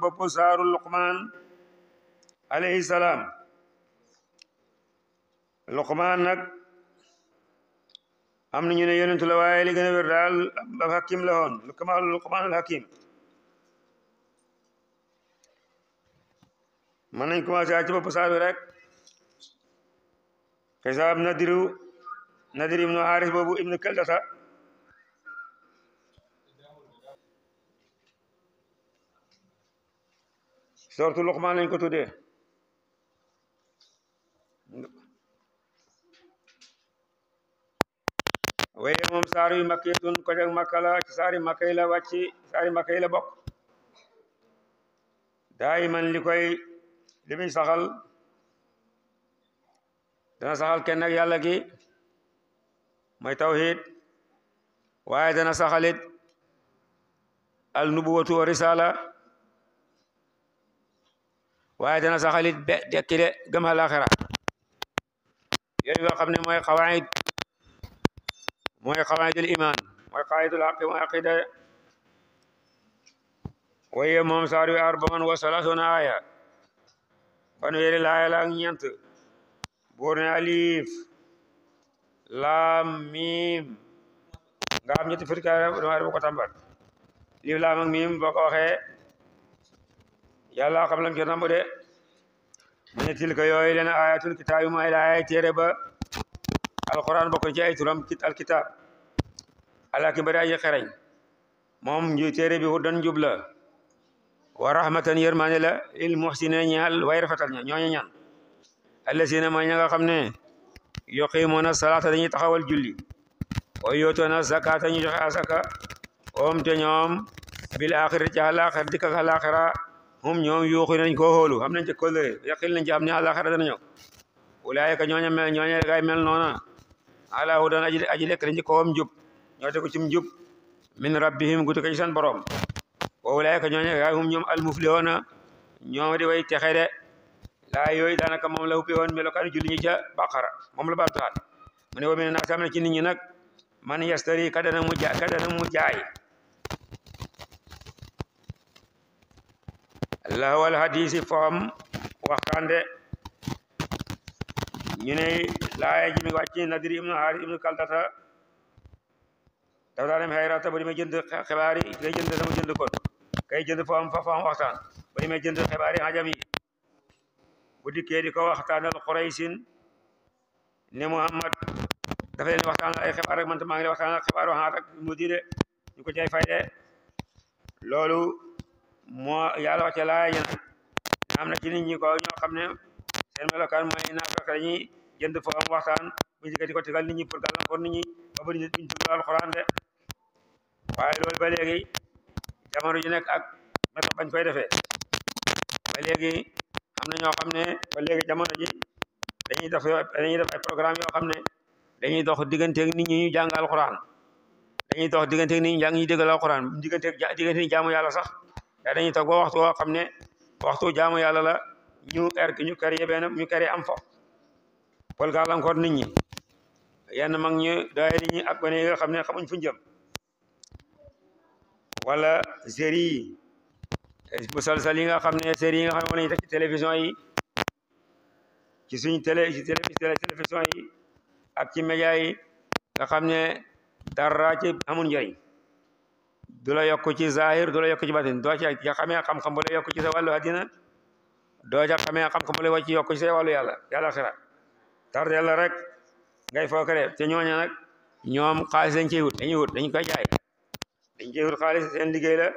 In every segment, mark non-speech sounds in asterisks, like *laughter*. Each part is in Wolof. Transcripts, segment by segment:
bopp saaru luqmaan alayhi salaam luqmaan nag am na ñu ne yonentu la waaye li gën a wér daal ab hakim la woon kamaal luqmaan al hakim mën nañ commencé ci bopp saar bi rek xisaab nadiru nadir ibnu xaaris boobu ibnu keldata sortu Luqmaan lañ ko tudde waaye moom saar yu makki tun ko jag makka la ci saari makka yi la wàcci yi la bokk daayiman li koy li saxal dana saxal kenn yàlla gi mooy tawhid waaye dana saxalit al nubuwatu wa risala waaye dana saxalit be dekki de gëm alaxira yooyu nga xam ne mooy xawaayid mooy xawaayidul iman mooy xawaayidul aqi mooy aqida waye moom saar wi arbaun wa salaasuna aaya fanweeri laaya la ak ñeent buur alif laam miim nga am ñetti firkaay dama ko tàmbal alif laam miim boo ko yàlla xam lan ke nambu de mu ne tilka yooyu leen ayatul kitaab yu may la ay téere ba alquran ci ay turam alkitab alaakin bari aji xereñ moom ju téere bi hudan jub la wa rahmatan yërmaane la il muhsine ñaal way rafetal ña ma ña nga xam ne yuqimuuna salaata dañuy taxawal julli wa yootoona zakata ñu joxe asaka oom te ñoom bil axir ci àlaxir dikka àlaxira hum ñoom yuuxu nañ ko xoolu am nañ ci kóllëre yaqin nañ ci am ne àllaaxira dana ñëw ulaayika ñooña mel ñooña gaay mel noona ala hudan aji lekk nañ ci kawam njub ñoo tegu ci njub min rabbihim gu tukkee ci seen borom wa ulaayika ñooña gaay hum ñoom al muflihoona ñoom di way texe de laa yooyu daanaka moom la huppee woon melokaani julli ñi ca baqara moom la baal taxaat mu ne wa na ci nit ñi nag man yastari kadana mu jaay kadana mu jaay laawal hadisi foom waxtaan de ñu ne laaya ji mi wàcc nadiri ibnu haari ibnu kaldata dafa daa dem xayrata ba di jënd xibaar yi kay jënd dama jënd kon kay jënd foom fa foom waxtaan ba di may jënd xibaar yi xajam yi bu dikkee di ko waxtaanal xuraysin ne muhammad dafa leen waxtaanal ay xibaar rek man ta maa ngi leen waxtaanal xibaaru mu di de ñu ko cay fay de loolu moo yàlla wàcce laaya ji am na ci ni ñi ko ñoo xam ne seen melokaan mooy naa fekk dañuy jënd foo am waxtaan bu ñu di ko tegal nit ñi pour gàllankoor nit ñi ba bëri nit alxuraan de waaye loolu ba léegi jamono ju nekk ak naka koy defee ba am na ñoo xam ne ba léegi jamono ji dañuy def dañuy def ay programme yoo xam ne dañuy dox digganteeg nit ñi ñu jàng alxuraan dañuy dox digganteeg nit ñi jàng ñu déggal alxuraan digganteeg digganteeg jaamu yàlla sax dañuy toog ba waxtu woo xam ne waxtu jaamu yàlla la ñu er ñu kër yebeen ñu kër am fo wala gàllankoor nit ñi yenn mag ñu daay nit ñi ak gone yi nga xam ne xamuñ fu ñu jëm wala série yi bu salsal yi nga xam ne série yi nga xam ne wala ñu teg ci télévision yi ci suñ télé ci télévision yi ak ci média yi nga xam ne dara ci amul njëriñ du la yokk ci zahir du la yokk ci batin doo ci xamee xam-xam bu lay yokk ci sa wàllu àddina doo ca xam-xam bu lay wàcc yokk ci sa yàlla yàlla xira tar yàlla rek ngay fookare te ñooñu nag ñoom xaalis dañ cey wut dañuy wut dañ koy jaay dañ cey wut xaalis seen liggéey la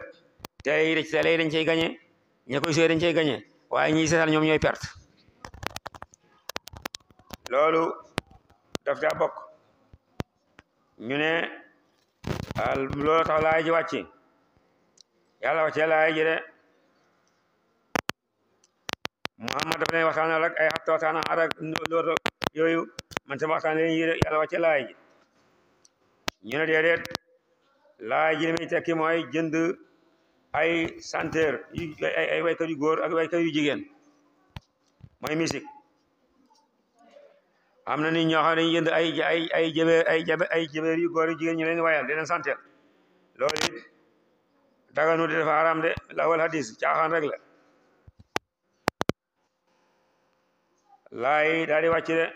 télé yi télé yi dañ cey gañe ña koy sooy dañ cey gañe waaye ñiy seetaan ñoom ñooy perte loolu daf daa bokk ñu ne loolu tax laay ji wàcc yàlla wàccee laay ji de Muhammad dafa leen waxtaanal ak ay xatta waxtaana arak loolu yooyu man sama waxtaan leen yi de yàlla wàccee ñu ne déedéet laay ji li muy tekki mooy jënd ay chanteur yu ay waykat yu góor ak waykat yu jigéen mooy musique am na ni ñoo xam ay ay ay ay jabe ay jëbeer yu góor yu jigéen ñu leen wayal di leen santeel loolu it daganu di dafa haram de lawal hadis caaxaan rek la laay daal di de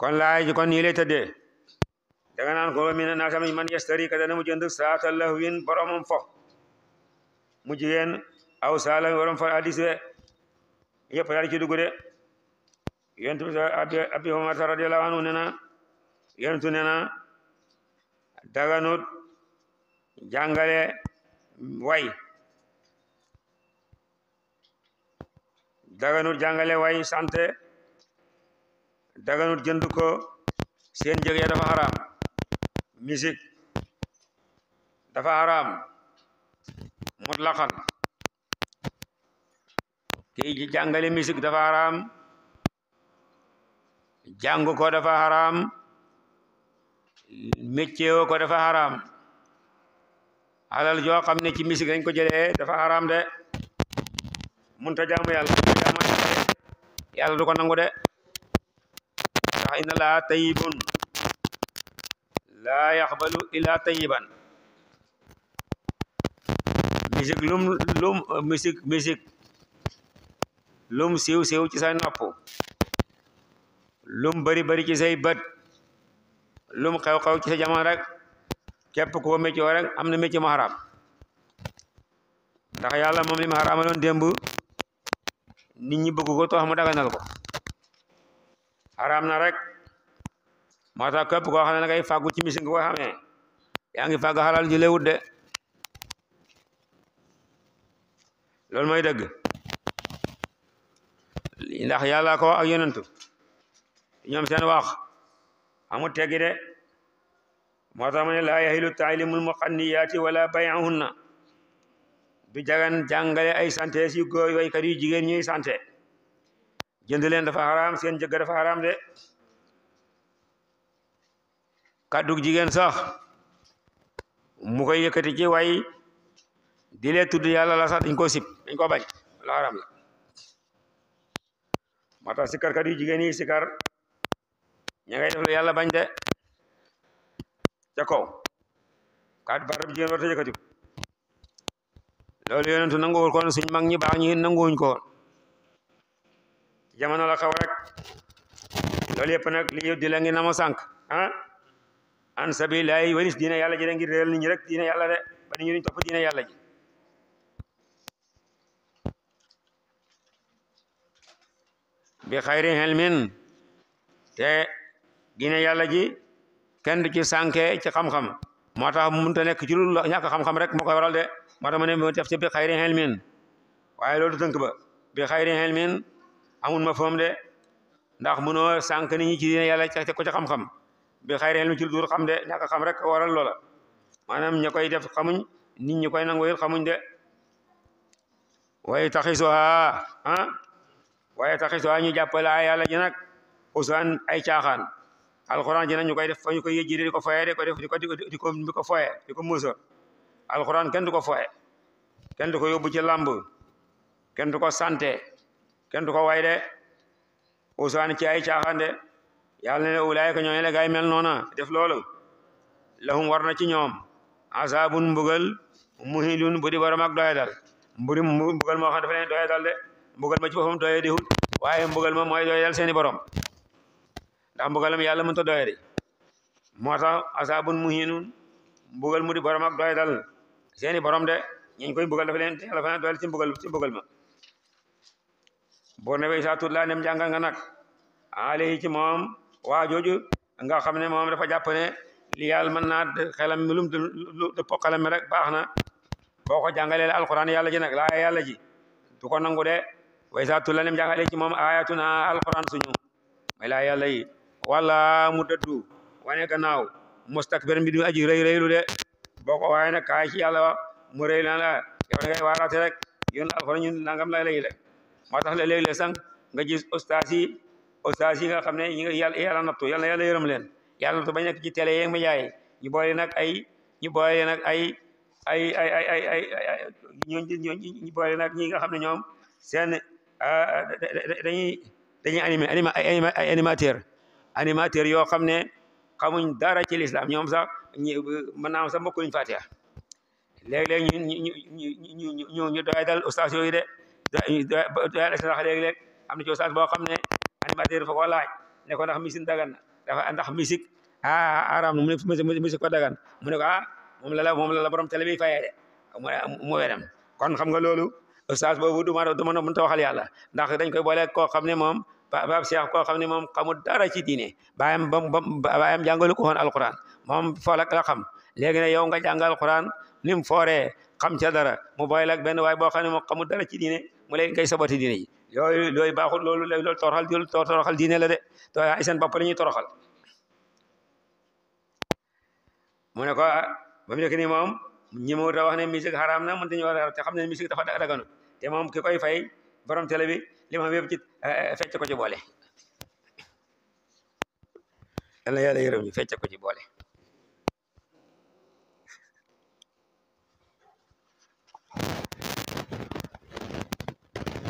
kon laay ji kon nii lay tëddee danga naan ko mina naasami man yastari na yontu na daganut jàngale eh. way daganut jàngale eh, way santé daganut jënd ko seen jëg ya dafa xaraam musique dafa haram mutlaqan kii ji jàngale musique dafa haram jàng ko dafa haram métier ko dafa haram alal joo xam ne ci musique dañ ko jële dafa haram de ta jaamu yàlla jaamu yàlla du ko nangu de ndax inna laa tayyibun laa yaxbalu illa tayiban misik lum lum misik misik lum siiw siiw ci say nopp lum bari bari ci say bët lum xew xew ci sa jamono rek képp koo méccoo rek am na mécc mu xaraam ndax yàlla moom lima mu xaraamaloon démb nit ñi bëgg ko tax mu daganal ko xaraam na rek moo tax képp koo xam ne ngay fàggu ci misin nga ko xamee yaa ngi fàgg xalal ju lewut de loolu mooy dëgg ndax yàlla ko wax ak yonentu ñoom seen wax amul teggi de moo tax mu ne laa yahilu taalimul muqanniyaati wala na du jagan jàngale ay sante si góor waykat yu jigéen ñuy sante jënd leen dafa xaraam seen jëgg dafa xaraam de kàddug jigéen sax mu koy yëkkati ci way di tudd yàlla la sax dañ ko sib dañ ko bañ la haram la moo tax sikkarkat yu jigéen yi sikkar ña ngay def la yàlla bañ de ca kaw kàddu barab jigéen war ta yëkkati loolu yonentu nanguwul koon suñ mag ñi baax ñi nanguwuñ ko jamono la xaw rek loolu yëpp nag li ngi na ma sànq ah? an sabilillahi wanis diine yàlla ji da ngir réel nit ñi rek diine yàlla de ba nit topp diine yàlla ji bi xayri helmin te diine yàlla ji kenn du ci sànke ci xam-xam moo tax mënut a nekk ci lu ñàkk xam-xam rek moo koy waral de moo tax ma ne def ci bi xayri helmin waaye loolu tënk ba bi xayri helmin amul ma foom de ndax mënoo sànk nit ñi ci diine yàlla ca ko ci xam-xam bi xay reel ci lu dul xam de ñàkk xam rek waral loola maanaam ña koy def xamuñ nit ñi koy nangu yit xamuñ de waaye taxisuha ah waaye taxisuha ñu jàppale a yàlla ji nag usaan ay caaxaan alxuraan ji nag ñu koy def fa ñu koy yëjjide di ko foye di ko def di ko di ko di ko alxuraan kenn du ko foye kenn du ko yóbbu ci làmb kenn du ko santé kenn du ko way de usaan ci ay caaxaan de yal ne ulaayka ñoo ne la gaay mel noona def loolu lahum war na ci ñoom azabun mbugal muhinun bu di borom ak doyadal mburi mbugal moo xam dafa leen doyadal de mbugal ma ci boppam doyadi hut waaye mbugal ma mooy doyadal seeni borom ndax mbugalam yàlla mënut a doyadi moo tax azabun mu mbugal mu di borom ak doyadal seeni borom de ñiñ koy mbugal dafa leen dafa leen doyal ci mbugal ci mbugal ma boo newee saa tuut laa dem jàngal nga nag alayhi ci moom waa jooju nga xam ne moom dafa jàpp ne li yàlla mën naa xelam lum dëpp xelam rek baax na boo ko jàngalee alquran yàlla ji nag laaya yàlla ji du ko nangu de way saa tulla nem ci moom ayatuna alquran suñu may laaya yàlla yi wala mu dëddu wane gannaaw mustakbir mbir mi aji rëy rëylu de boo ko waaye nag kaay ci yàlla mu rëy naa la yow da ngay waaraate rek yoon alquran ñun lay lay de moo tax léeg-léeg sànq nga gis oustaz yi nga xam ne ñi nga yàlla yàlla nattu yàlla yàlla yërëm leen yàlla nattu bañ nekk ci télé yeeg média yi ñu boole nag ay ñu boole nag ay ay ay ay ay ay ñooñu ñu boole nag ñi nga xam ne ñoom seen ah, dañuy dañuy animé animé ay animateur animateur yoo xam ne xamuñ dara ci lislaam ñoom sax ñu mën naa am sax mbokkuñ fatiha léeg-léeg ñu ñu ñu ñu ñu doy dal yooyu de doy doy doy léeg am na ci ustaas boo xam ne. animateur fa ko laaj ne ko ndax musique dagan na dafa ndax musique ah, ah araam mu ne musique ko dagan mu ne ko ah moom la la moom la la borom télé bi fayee de mu kon xam nga loolu ustaas boobu du ma du ma ta waxal yàlla ndax dañ koy boole koo xam ne moom Pape Cheikh koo xam ne moom xamul dara ci diine baayam ba baayam jàngalu ko woon alquran moom fool ak la xam léegi ne yow nga jàngal alquran ni mu fooree xam ca dara mu boole ak benn waay boo xam ne moom xamul dara ci diine mu léegi ngay sabati diine ji yooyu yooyu baaxul loolu léegi loolu toroxal loolu toroxal diine la de te ay seen bopp la ñuy toroxal mu ne ko ah, ba mu nekk nii moom ñi mu wax ne musique xaraam na mën dañu war a te xam ne musique te moom ki koy fay borom télé bi li ma yëpp ci eh, fecc ko ci boole yàlla yàlla yërëm ñu fecc ko ci boole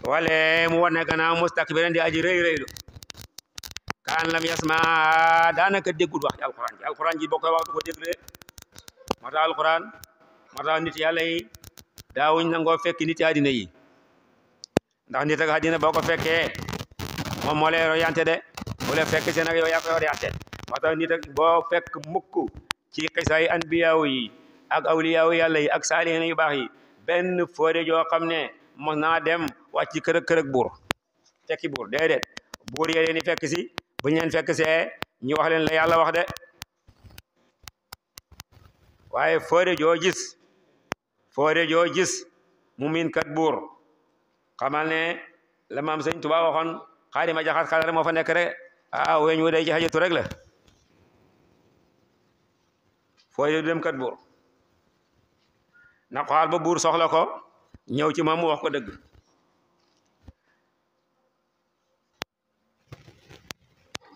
wale mu wane gannaaw mustakbiran di aji rëy rëylu kaan lam yasma daanaka déggul wax ci alquran ji alquran ji boo koy wax du ko déglu moo tax alquran moo tax nit yàlla fekk nit yi àddina yi ndax nit ak àddina boo ko fekkee moom moo de bu fekk seen ak yow yaa koy orienté fekk mukk ci xisaay anbiyaaw yi ak awliyaaw yàlla yi ak saalihiin yu baax ne mos naa dem wàcc kërëg kërëg buur tekki buur déedéet buur yee leen fekk si bu ñu leen fekk see ñu wax leen la yàlla wax de waaye foore joo gis foore joo gis mu miin kat buur xamal ne la maam sëñ Tuubaa waxoon xaadima jaxaat xalar moo fa nekk rek ah weñ wu day ci rek la foore du dem kat buur na xaal ba buur soxla ko ñëw ci moom mu wax ko dëgg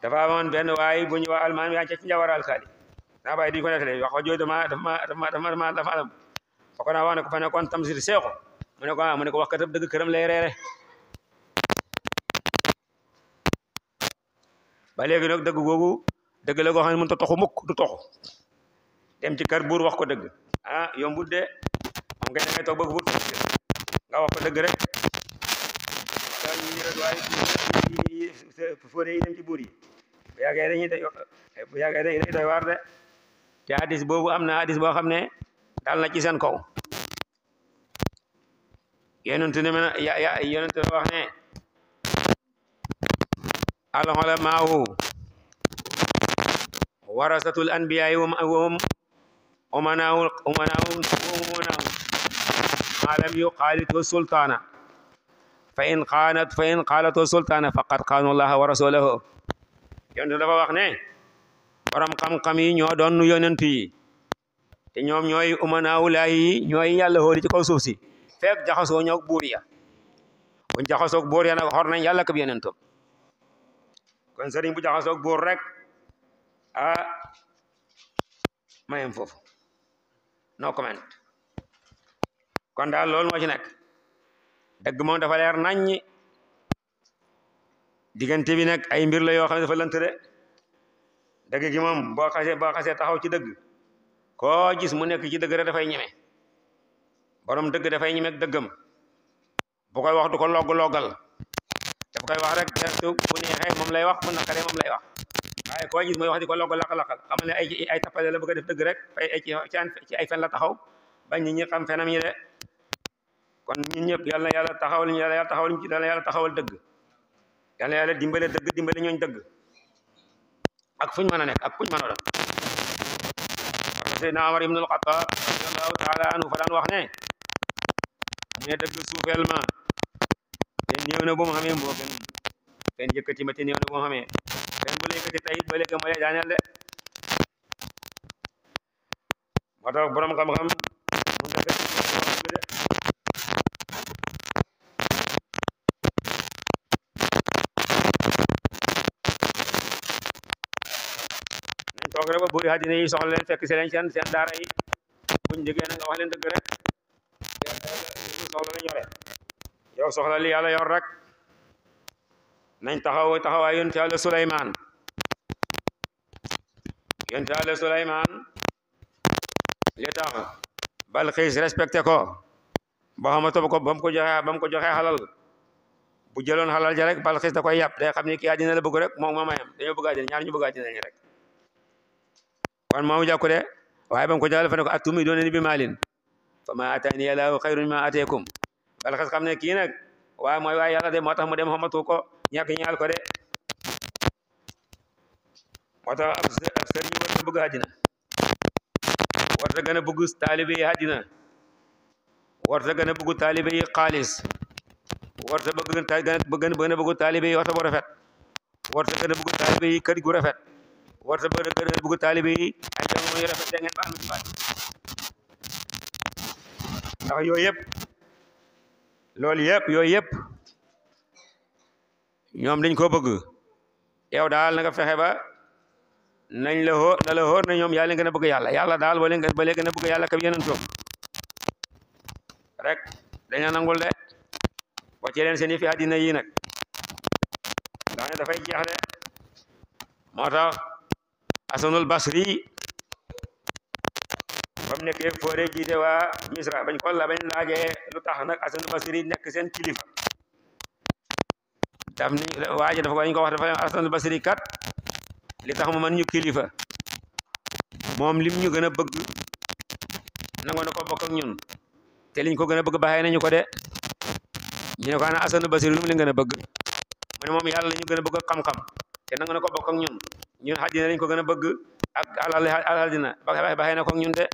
dafa amoon benn waay bu ñu wax almaan yaa ca ci njawar alkaali naa bàyyi di ko nettali wax ko jooju dama dama dama dafa alam foko naa wax ne ko fa nekkoon tamsir seexu mu ne ko ah mu ne ko wax katab dëgg këram lay reere ba léegi nag dëgg googu dëgg la goo xam ne mënut a toxu mukk du toxu dem ci kër buur wax ko dëgg ah yombut de xam nga da ngay toog ba buur kaa wax ko dëgg rek kaa ñu ngi rek waaye fóode yi dem yi bu yàggee de te hadis boobu am na hadis boo xam ne dal na ci seen kaw yonentu ne mën a yonentu ne wax ne al ulamaahu warasatul anbiyaa'i wa hum umanaa'u umanaa'u ما لم يخالطه السلطان فإن قالت فإن قالته السلطان فقد خانوا الله ورسوله yonent dafa wax ne borom xam-xam yi ñoo doon yonent yi te ñoom ñooy umanaawulaay yi ñooy yàlla xooli ci kaw suuf si fekk jaxasoo ñoo buur ya jaxasook jaxasoo buur ya nag xor nañ yàlla kab yonentam kon sëriñ bu jaxasook buur rek ah mayem foofu no kon daal loolu moo ci nekk dëgg moom dafa leer naññi diggante bi nag ay mbir la yoo xam ne dafa lëntëre dëgg gi moom boo xasee boo xasee taxaw ci dëgg koo gis mu nekk ci dëgg rek dafay ñeme borom dëgg dafay ñeme ak dëggam bu koy wax du ko logg loggal koy wax rek moom lay wax wax waaye koo gis muy wax di ko logg laqal laqal xamal ne ay ay tappale la bëgg def dëgg rek fay ay ci ay fen la taxaw bañ ñi xam fenam ñi de kon ñun ñëpp yàlla na yàlla taxawal ñu yàlla yàlla taxawal ñu ci yàlla yàlla taxawal dëgg yàlla yàlla dimbale dëgg dimbale ñooñ dëgg ak fuñ mën a nekk ak fuñ mën a doon Seydina Omar ibn al-Khattab radiyallahu taala anhu fa wax ne mu ne dëgg suufeel ma te néew na bu mu xamee mboo gën ma te néew na bu mu xamee kenn bu la yëkkati tey ba léegi ma lay daaneel de moo tax borom xam-xam mun na toog rek bu buuri àddina yi soxla leen fekk si leen seen daara yi buñ liggéey na nga wax leen dëgg rek soxla la ñore yow soxla li yàlla yor rek nañ taxaw taxawaay yonent yàlla Suleymaan yonent yàlla Suleymaan li tax Balxiis respecté ko ba xamatu ko ba mu ko joxee ba mu ko joxee xalal bu jëloon xalal ja rek Balxiis da koy yàpp day xam ni kii àddina la bëgg rek moom ma mayam dañoo bëgg àddina ñaar ñu bëgg àddina lañ rek kon maamu jàkku de waaye bam ko jàllale fa ne ko atumi doon ni maalin fa ma ataani allahu xayrun ma ateekum wala xas ne kii nag waaye mooy waaye yàlla de moo tax mu dem xamatu ko ñàkk ñaal ko de moo tax ab sëriñ war na bëgg àddina war na gën a bëgg taalibe yi àddina war na gën oto bu rafet war na gën a bëgg rafet war sa bëgg a gën a ay dama mooy rafet da baal ma ci ndax yooyu yëpp loolu yëpp yooyu yëpp ñoom dañ koo bëgg yow daal na nga fexe ba nañ la xóor na ñoom yaa leen gën a bëgg yàlla yàlla daal ba leen ba leen gën a bëgg yàlla kam yeneen toom rek daña nangul de wàcce seen i fi àddina yi nag ndax dafay jeex de moo tax Hasanul Basri ba mu nekkee foore jiite waa Misra bañ ko la bañ laajee lu tax na Hasanul Basri nekk seen kilifa daf ni waaje dafa ko dañ ko wax dafa Hasanul Basri kat li tax mu man ñu kilifa moom lim ñu gën a bëgg nangoo ko bokk ak ñun te liñ ko gën a bëgg baaxee nañu ko de ñu ne ko ana Hasanul Basri lu mu leen gën a bëgg mu ne moom yàlla la ñu gën a bëgg xam-xam te nangoo ko bokk ak ñun ñun àddina lañ ko gën a bëgg ak alal dina ba xëy na ko ñun de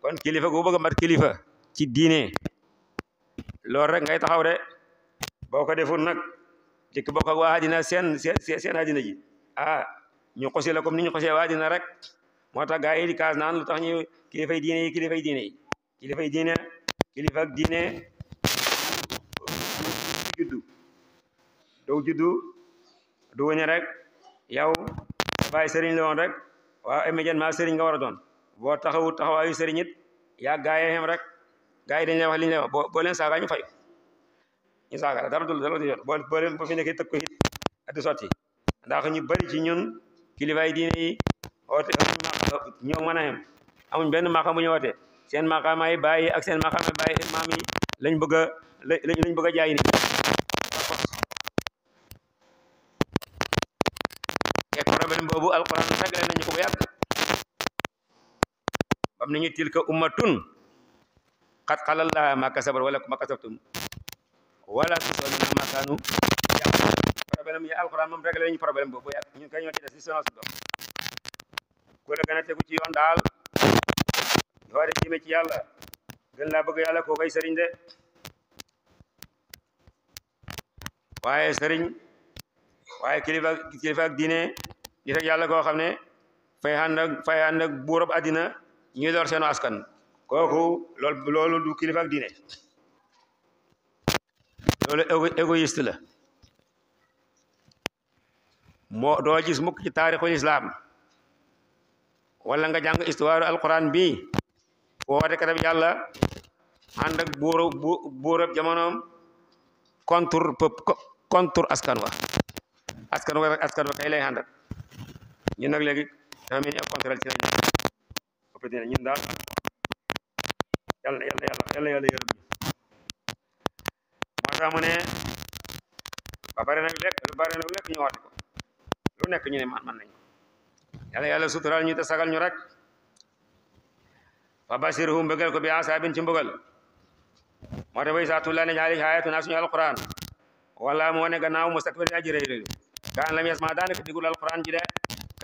kon kilifa gu bëgg a kilifa ci diine loolu rek ngay taxaw de boo ko deful nag dikk bokk ak waa àddina seen seen seen àddina ji ah ñu xosi comme ni ñu xosee waa àddina rek moo tax gaa yi di kaas naan lu tax ñu kilifay diine kilifay diine kilifay diine kilifa ak diine juddu doo juddu du rek yow bàyyi sëriñ la woon rek waaw immédiatement sëriñ nga war a doon boo taxawu taxawaayu sëriñ it yaa gaayee rek gaa yi dañ lay wax li ñu lay boo leen saaga ñu fay ñu saaga la dara dul dara du yoon boo boo leen boo fi nekkee tëkk sotti ndax ñu bëri ci ñun kilifaay diine yi oote mën a yem amuñ benn maqaam bu ñu wootee seen maqaamaay bàyyi ak seen maqaamaay bàyyi maam yi lañ bëgg a lañ bëgg a jaay ni problème boobu alquran réglé nañu ko bu yàgg bam nañu tilka ummatun qad xalal laha ma kasabat wa lakum ma kasabtum wala tujzauna ma kaanu problème yi alquran moom réglé nañu problème boobu bu yàgg ñun kay di sonal doom ku la gën a tegu ci yoon daal yoore jëme ci yàlla gën la bëgg yàlla ko koy sëriñ de waaye sëriñ waaye kilifa kilifa gis ak yàlla koo xam ne fay ànd ak fay ànd ak àddina ñuy lor seenu askan kooku loolu du kilifa ak loolu égoïste la moo doo gis mukk ci taarixul islam wala nga jàng histoire alquran bi woote katab yàlla ànd ak buuru buurab jamonoom askan wa askan wa kay lay ànd ñun nag léegi dama mel ni ak contrôle ci rajo bi ñun daal yàlla na ñu moo tax ne ba bare nag lekk lu bare ñu woote ko lu nekk ñu ne man man nañ ko yàlla yàlla suturaal ñu te ñu rek fa bashirhu mbëggal ko bi asaabin ci mbëggal moo tax way saa tullaa ne jaali xaayatu naa suñu alquran wala moo ne gannaaw mustakbir yaa ji réy réy kaan lam yasma daanaka digul alquran ji de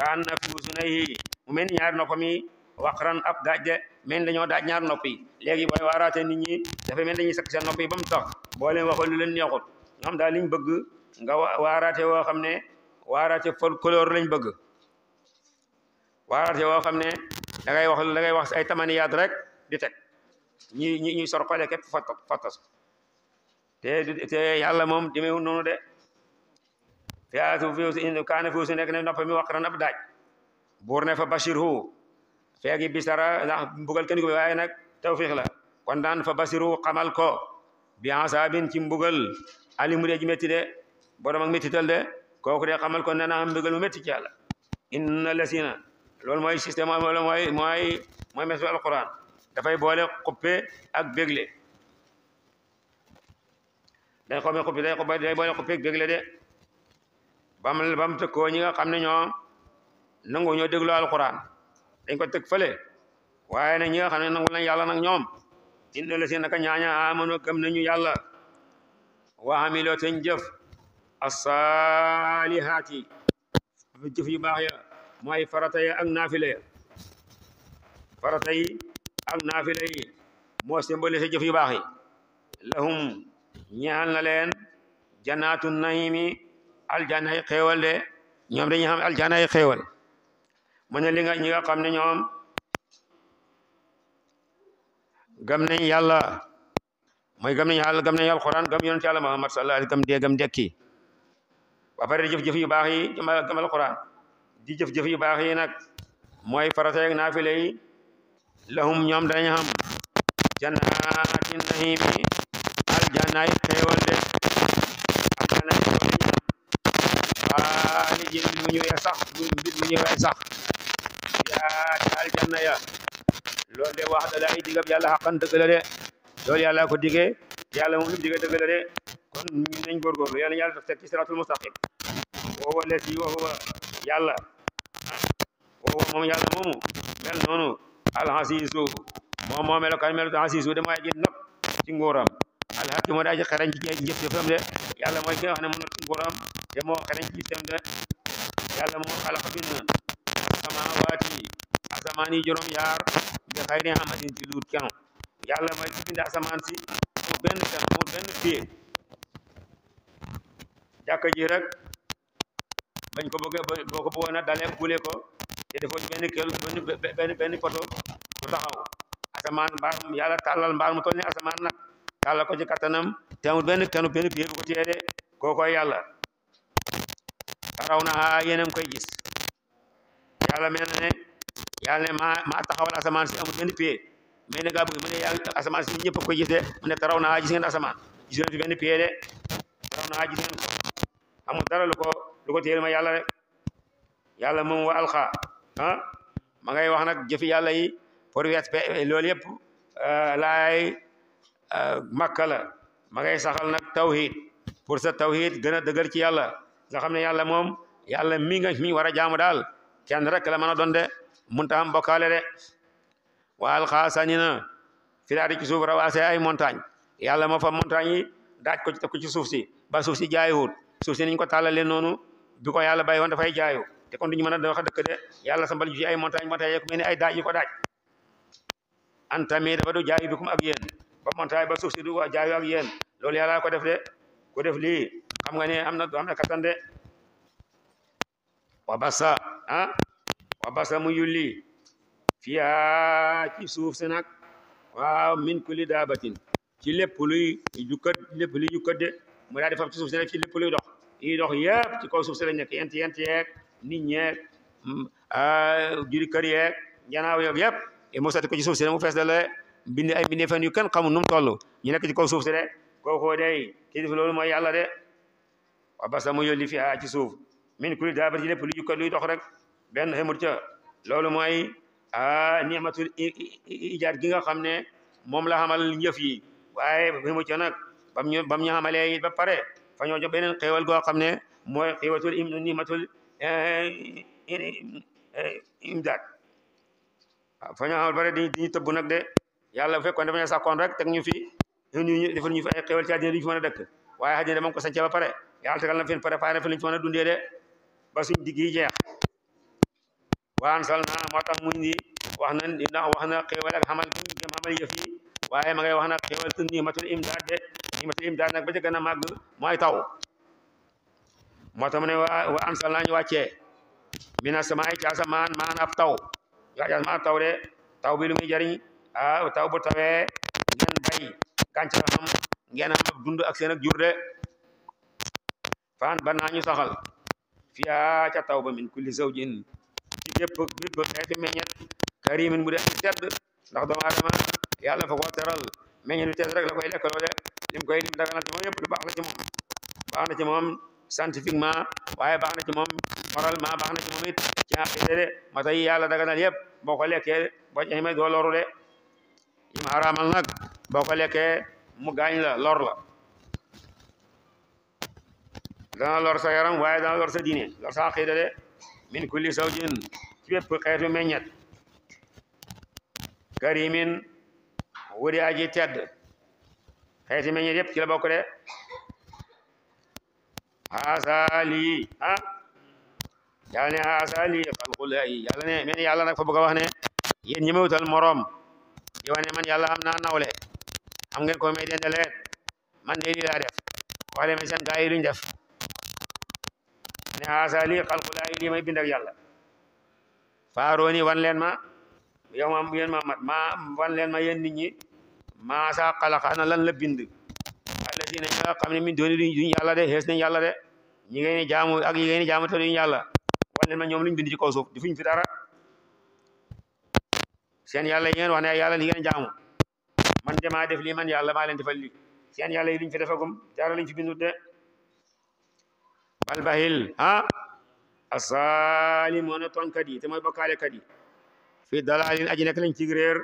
ka anna fi uzunayhi mu mel ni ñaari noppam yi waqran ab daaj de mel dañoo daaj ñaari nopp yi léegi booy waaraate nit ñi dafa mel dañuy sakk seen nopp yi ba mu tax boo leen waxoon lu leen neexut nga xam daal liñ bëgg nga waaraate woo xam ne waaraate fol couleur lañ bëgg waaraate woo xam ne da wax da ngay wax ay tamaniyaat rek di teg ñi ñi ñuy sorxole képp fottas te te yàlla moom demeewul noonu de fiatu fi kaana fiu si nekk ne noppa mi waqran ab daaj buur fa bashir hu feegi bisara ndax kenn ko bi waaye nag tawfiix la kon daan fa basiru xamal ko bi asaabin ci mbugal alimu de ji métti de borom ak méttital de kooku de xamal ko nee naa mbugal mu métti ci yàlla inna lasina loolu mooy système loolu mooy mooy mooy mesu alquran dafay boole xuppe ak bégle day xome xuppe day boole xuppe ak bégle de ba mu ba mu ñi nga xam ne ñoo nangu ñoo déglu alquran dañ ko teg fële waaye nag ñi nga xam ne nangu lañ yàlla nag ñoom inna la si naka ñaaña amano gëm nañu yàlla wa amiloo teñ jëf asalihaati jëf yu baax ya mooy farata yi ak naafile ya farata yi ak yi jëf yu baax yi lahum ñaan na leen jannaatu aljana yi xéewal de ñoom dañuy xam aljana yi xéewal mu ne li nga ñi nga xam ne ñoom gëm nañ yàlla mooy gëm nañ yàlla gëm nañ alxuraan gëm yonent yàlla Muhammad sallallahu alayhi wasallam gëm dee gëm dekki ba pare di jëf-jëf yu baax yi gëm alxuraan di jëf-jëf yu baax yi nag mooy farata ak naafile yi lahum ñoom dañu xam jannaatin nahiimi aljannaay xéewal xaalijin bi mu ñëwee sax bi mu ñëwee sax yaa ca aljanna ya loolu de wax da lay digab yàlla xaqan dëgg de loolu yàlla ko digee yàlla moom lim digee dëgg la de kon ñu nañ góorgóorlu yàlla yàlla daf teg ci siratul mustaqim woowa les yi woowa yàlla woowa moom yàlla moomu mel noonu alxasiisu moom moo melokaan melut alxasiisu de mooy ji nopp ci nguuram alxakimu daa ji xarañ ci jëf-jëfam de yàlla mooy ki nga xam ne mu ci nguuram demoo xereñ ci temde yàlla moo xalax bind na samaawaat yi asamaan yi juróom yaar bi xayri amadin ci luut kenn yàlla mooy ci bind asamaan si benn kenn benn téye jàkka ji rek bañ ko bëggee boo ko bëggoon a ko te defoo benn kël benn benn poto mu taxaw asamaan yàlla tàllal mbaar mu toll ni asamaan nag tàllal ko ci te amul benn kenn benn pied bu ko de koo koy yàlla tarawnahaa yéen eh. eh. a ngi koy gis yàlla mel na ne yàlla ne maa maa taxawal asamaan si amul benn pied mais ne ngaa mu ne yaa asamaan si ñëpp a koy eh, gis de mu ne tarawnahaa gis asamaan gis ngeen fi benn pied de tarawnahaa gis ngeen ko amul dara lu ko lu ko téyel ma yàlla rek yàlla moom wa alxa ma ngay wax nag jëfi yàlla yi pour wet loolu yëpp laay makka la ma ngay saxal nag tawhid pour sa tawhid gën a dëgër ci yàlla nga xam ne yàlla moom yàlla mi nga mi war a jaamu daal kenn rek la mën a doon de munta am bokkaale de waal xaasani na fi daal di ci suuf rawaase ay montagne yàlla moo fa montagne daaj ko ci teg ci suuf si ba suuf si jaayuwut suuf si niñ ko tàllalee noonu du ko yàlla bàyyi woon dafay jaayu te kon duñu mën a wax dëkk de yàlla sambal ju ci ay montagne montagne yeeku mel ni ay daaj yu ko daaj antami dafa du jaayu bikum ak yéen ba ba suuf si a jaayu ak yéen loolu yàlla ko def de ko def lii xam nga ne am na am na kattan de wa basa ah wa basa mu yulli fiya ci suuf si nag waaw min kulli daabatin ci lépp luy jukkat lépp luy jukkat de mu daal di ci suuf si nag ci lépp luy dox yi dox yëpp ci kaw suuf si la nekk yent yent yeeg nit ñeeg mm, juri kër yeeg njanaaw yeeg yëpp e mu sotti ko ci suuf si mu fees dale ay bindee fan yu kenn xamul nu mu toll nekk ci kaw suuf si de kooku day ki def loolu mooy yàlla de wa basa mu yolli fiha ci suuf min kulli daabat ci lépp lu jukka luy dox rek benn xemut ca loolu mooy a nimatul ijaat gi nga xam ne moom la xamal njëf yi waaye xemut ca nag bam ñu bam ba pare fa ñoo jox beneen xéewal goo xam ne mooy xéewatul im nimatul imdaat fa ñoo xamal pare di diñu tëbb nag de yàlla bu fekkoon dafa ñu sàkkoon rek teg ñu fi ñu ñu fi ay xéewal ci àddina duñu fi mën a dëkk waaye àddina dama ko sañce ba pare yàlla tegal na fi préparé fi lu ñu mën a de ba suñ digg yi jeex waan sal na moo tax wax na ndax wax na xéewal ak xamal bi gëm xamal yëf waaye ma ngay wax na xéewal te nimatul imdaad de nimatul imdaad nag ba ca gën a màgg mooy taw moo tax mu ne wa am sal naa ñu wàccee mina samaay maan ab taw taw de taw bi lu muy jariñ ah taw bu tawee ngeen bay gàncax am ngeen am dund ak seen ak jur de faan ba naa ñu saxal fiyaa ca ba min kulli zawjin ci bépp bépp bu dee aji tedd ndax doomu aadama yàlla fa ko teral meññet tedd rek la koy lekk loole lim koy lim daganal ci moom yëpp du baax la ci moom baax na ci moom scientifiquement waaye baax na ci moom moralement baax na ci moom it ci de ma tey daganal yëpp boo ko lekkee boo ci amee doo loru de yi ma araamal nag boo ko lekkee mu gaañ la lor dana lor sa yaram waaye dana lor sa diine lor sa de min kulli sawjin ci bépp xeetu meññet karimin wudi aji tedd xeeti meññet yëpp ci la bokk de haasali ah yàlla ne haasali xalqulayi yàlla ne men yàlla nag fa bëgg wax ne yéen ñi ma wutal morom di wax ne man yàlla am naa nawle am ngeen ko may man de lii laa def wax leen seen gaa yi def ne haasa lii xalqulaayi lii may bind ak yàlla faarooni wan leen ma yow ma yéen ma mat ma wan leen ma yen nit ñi maa saa xalaqa ana lan la bind allazina ñi nga xam ne min dooni duñ yàlla de xees nañ yàlla de ñi ngeen jaamu ak ñi ngeen jaamu te duñ yàlla ci kaw suuf di fuñ fi dara seen yàlla yi ne jaamu man de maa def lii man yàlla maa leen defal lii seen yàlla yi luñ fi defagum dara luñ fi bindut de albahil ha asalimu na tonkat yi te mooy bokkaalekat yi fii dalaalin aji nekk lañ ci réer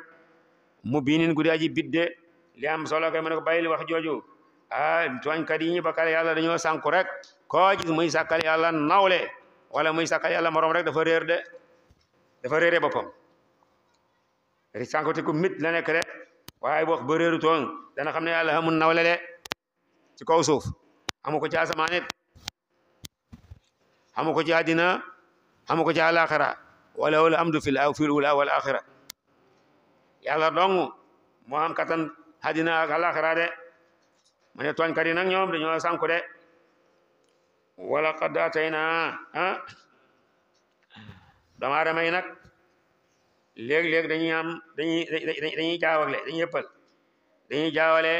mu biinin guddi aji bidde li am solo kay mu ne ko bàyyil wax jooju ah tooñkat yi ñu bakkaale yàlla dañoo sànku rek koo gis muy sàkkal yàlla nawle wala muy sàkkal yàlla morom rek dafa réer de dafa réere boppam sànkute ku mit la nekk de waaye wax ba réeru toon dana xam ne yàlla amul nawle de ci kaw suuf amu ko ci asamaan amu ko ci àddina amu ko ci àlaxira wala wala amdu fil aw ula wal axira yàlla dong moo am kattan àddina ak àlaxira de mu ne tooñkat yi nag ñoom dañoo sànku de wala qad atayna ah doomu aadama yi nag léeg-léeg dañuy am dañuy dañuy jaawale jaawale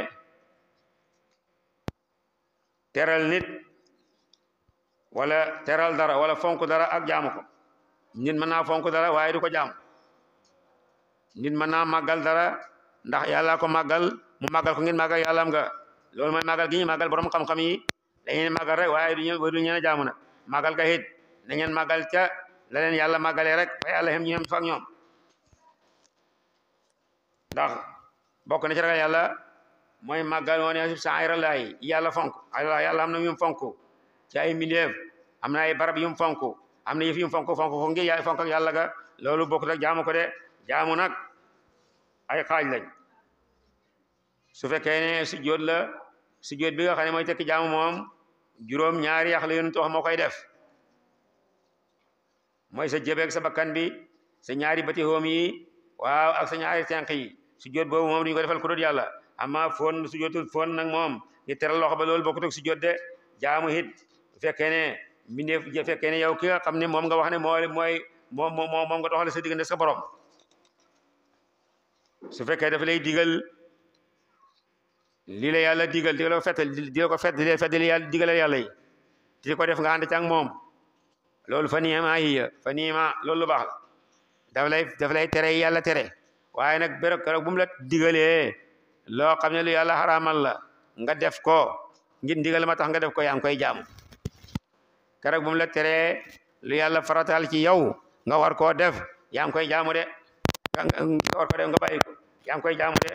teral nit wala teral dara wala fonk dara ak jaamu nit mën naa fonk dara waaye du ko jaamu nit mën naa màggal dara ndax yàlla ko màggal mu màggal ko ngeen màggal yàllaam nga loolu mooy màggal gi ñu màggal borom xam-xam yi dañuy màggal rek waaye duñu du ñeen màggal ga it màggal ca la leen yàlla màggalee rek fa yàlla xem ñu xem fa ñoom ndax bokk na ci ragal yàlla mooy màggal woon sib san ay ralaay fonk yàlla am na ñu fonk ci ay mbindeef am na ay barab yu mu fonk am na yëf yu mu fonk fonk ko ngir yaay fonk yàlla ga loolu bokk nag jaamu ko de jaamu nag ay xaaj lañ su fekkee ne joot la sujjóot bi nga xam ne mooy tekki jaamu moom juróom ñaari yax la yonent wax koy def mooy sa jëbeeg sa bakkan bi sa ñaari bati hoom yi waaw ak sa ñaari tenq yi sujjóot boobu moom duñu ko defal ku dul yàlla amma foon sujjóotul moom di teral loxo ba loolu bokkut ak sujjóot de jaamu hit fekkee mbindeef fekkee ne yow ki nga xam ni moom nga wax ne mooy mooy moom moom nga doxale sa diggante sa borom su fekkee dafa lay digal lii la yàlla digal di la ko fettal ko fett di la fett di la yàlla digalal ko def nga ànd ca ak moom loolu fa niima hiya fa niima loolu lu baax la dafa lay tere yàlla tere waaye nag béréb keroog bu la digalee loo xam ne lu yàlla xaraamal la nga def ko ngir ndigal ma tax nga def ko yaa ngi koy jaamu keroog bu mu la teree lu yàlla farataal ci yow nga war koo def yaa ngi koy jaamu de nga war koo nga bàyyi yaa ngi koy jaamu de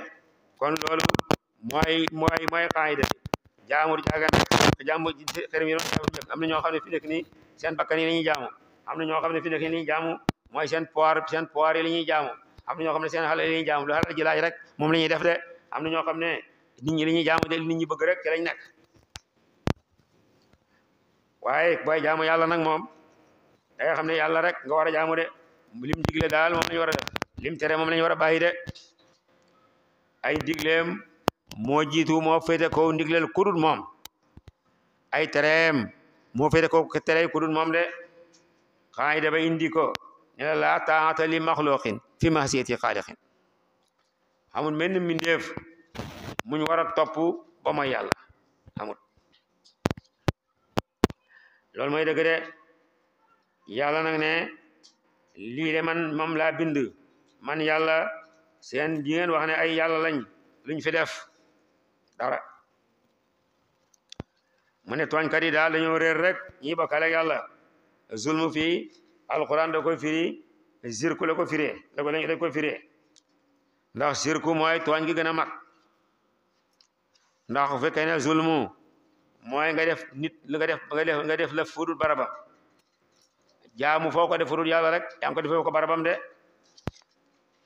kon loolu mooy mooy mooy xaayida jaamu du jaagan jaamu xërëm yi am na ñoo xam ne fi nekk nii seen bakkan yi la ñuy jaamu am na ñoo xam ne fi nekk nii li ñuy jaamu mooy seen poir seen poir yi am ñoo xam ne seen xale yi la ñuy jaamu lu xale ji rek moom la ñuy def de am na ñoo xam ne nit ñi li ñuy jaamu de nit ñi bëgg rek ci lañ nekk waaye booy jaamu yàlla nag moom da xam ne yàlla rek nga war a jaamu de lim digle daal moom la ñu lim tere moom la ñu war a bàyyi de ay digleem moo jiitu moo féete kaw ndigleel kudul moom ay tereem moo féete kaw terey kudul moom de xaa yi daba indi ko ñu ne laa taata li maxluqin fi masiyati xaaliqin amul menn mbindeef muñ war a topp ba ma yàlla amul lool mooy dëgg de yàlla nag ne lii de man moom laa bind man yàlla seen di ngeen wax ne ay yàlla lañ luñ fi def dara mu ne tooñkat yi daal dañoo réer rek ñi bakkaale ak yàlla zulmu fii alquran da ko firi zirku la ko firee da ko da ko firee ndax zirku mooy tooñ gi gën a mag ndax bu zulmu mooy nga def nit li nga def nga def la fudul barabam jaamu foo ko def fudul yàlla rek yaa ngi ko defee ko barabam de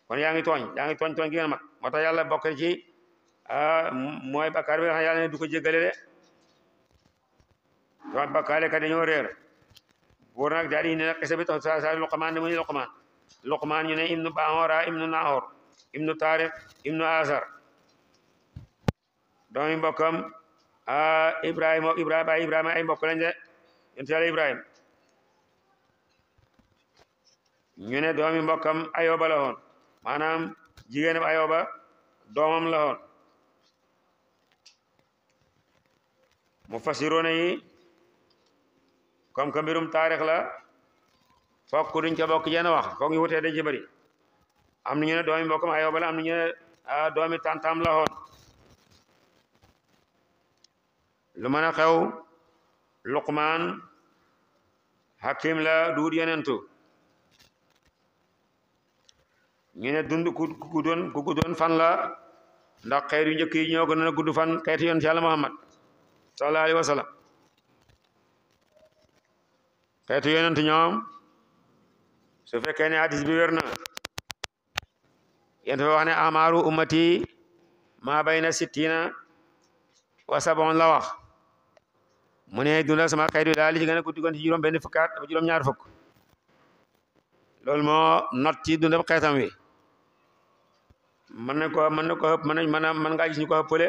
kon yaa ngi tooñ yaa ngi tooñ tooñ gi ngeen mag moo tax yàlla bokk ci ah, mooy bakkaar bi nga xam ne du ko jéggale de waaw bakkaale kat dañoo réer buur nag daal di ne nag kese bi tax saa saa Luqmaan mu ne Luqmaan Luqmaan ñu ne ibnu Bahoora ah, ibnu Naahoor ibnu Taariq ibnu Asar doomi mbokkam ah Ibrahima Ibrahima ay Ibrahima ay mbokk lañ de yonent Yàlla Ibrahima ñu ne doomi mbokkam Ayoba la woon maanaam jigéenam doomam la woon mu fasiroona yi comme mbirum taarix la fokk duñ ca bokk jenn wax foog ñu wutee dañ ci bëri am na ñu ne doomi mbokkam Ayoba la am na ñu ne ah, doomi la woon lu mën a xew luqmaan hakim la duut yenentu ñu ne dund ku fan la ndax xeet yu njëkk yi ñoo gudd fan xeeti yoon ci yàlla muhammad sallallahu alayhi wa sallam yonent ñoom su fekkee ne hadis bi wér na yéen dafa wax ne amaaru ummati maa bayna sittina wa sabon la wax mu ne dundal sama xeet wi daal li ci gën a guddi goon ci juróom benn fukkaat ba juróom ñaar fukk loolu moo not ci dundam xeetam wi mën na ko mën na ko ëpp mën na mën ngaa gis ñu ko ëppale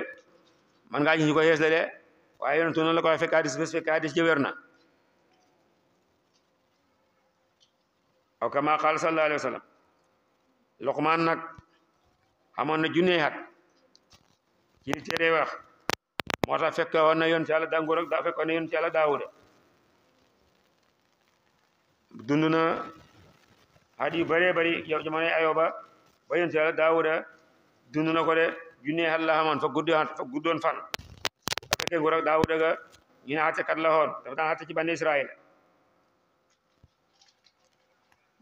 mën ngaa gis ñu ko yeeslale waaye yoon tu noonu la ko wax fekk hadis bés fekk hadis jëwér na aw kama qaal sallallahu alayhi nag amoon na junne at ci téere wax moo tax fekke woon na yoon ci yàlla dàngoor ak daa fekkoon na yu bëree yow jamonoy ayoba ba yoon ci yàlla daawuda na ko de junne xel la fa guddi guddoon fan fekke nguur ak daawuda ga ñu ne àttekat la woon dafa daan àtte ci bànn Israël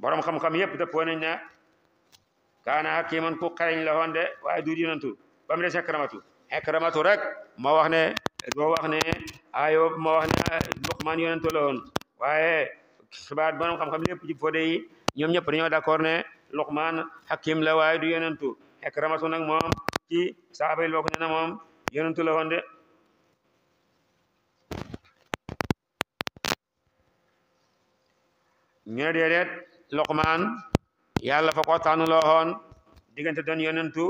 borom xam-xam yëpp dëppoo nañ ne kaana hakiman ku xarañ la woon de waaye du yonantu ba mu des ak karamatu Ikramatu rek moo wax ne moo wax moo wax ne Luqman waaye xibaar borom xam-xam lépp ci fode yi ñoom ñëpp dañoo d'accord ne Luqman hakim la waaye du yonentu Ikramatu nag moom ci saaba yi bokk ne moom yonentu de ñu ne déedéet Luqman yàlla fa ko tànn doon yonentu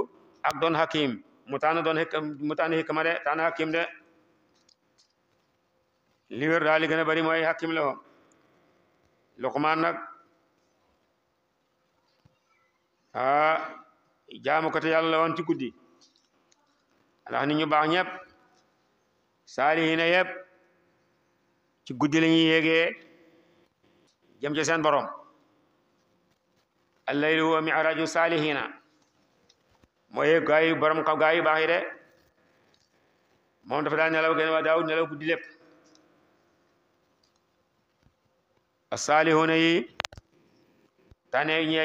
ak hakim mu tànn doon xëkk tànn xëkk ma de tànn hakim de li wér daal li gën a bari mooy hakim la woon Luqmaan nag ah jaamu ko te yàlla la ci guddi ndax ni ñu baax ñëpp saalihiina yëpp ci guddi la ñuy yéegee jëm ci seen borom allaylu huwa mi'raaju saalihiina mooy gayu yu borom xaw gaa yu baax yi de moom dafa daa nelaw gën waaye daawul nelaw guddi lépp asaalihuna yi tane ñi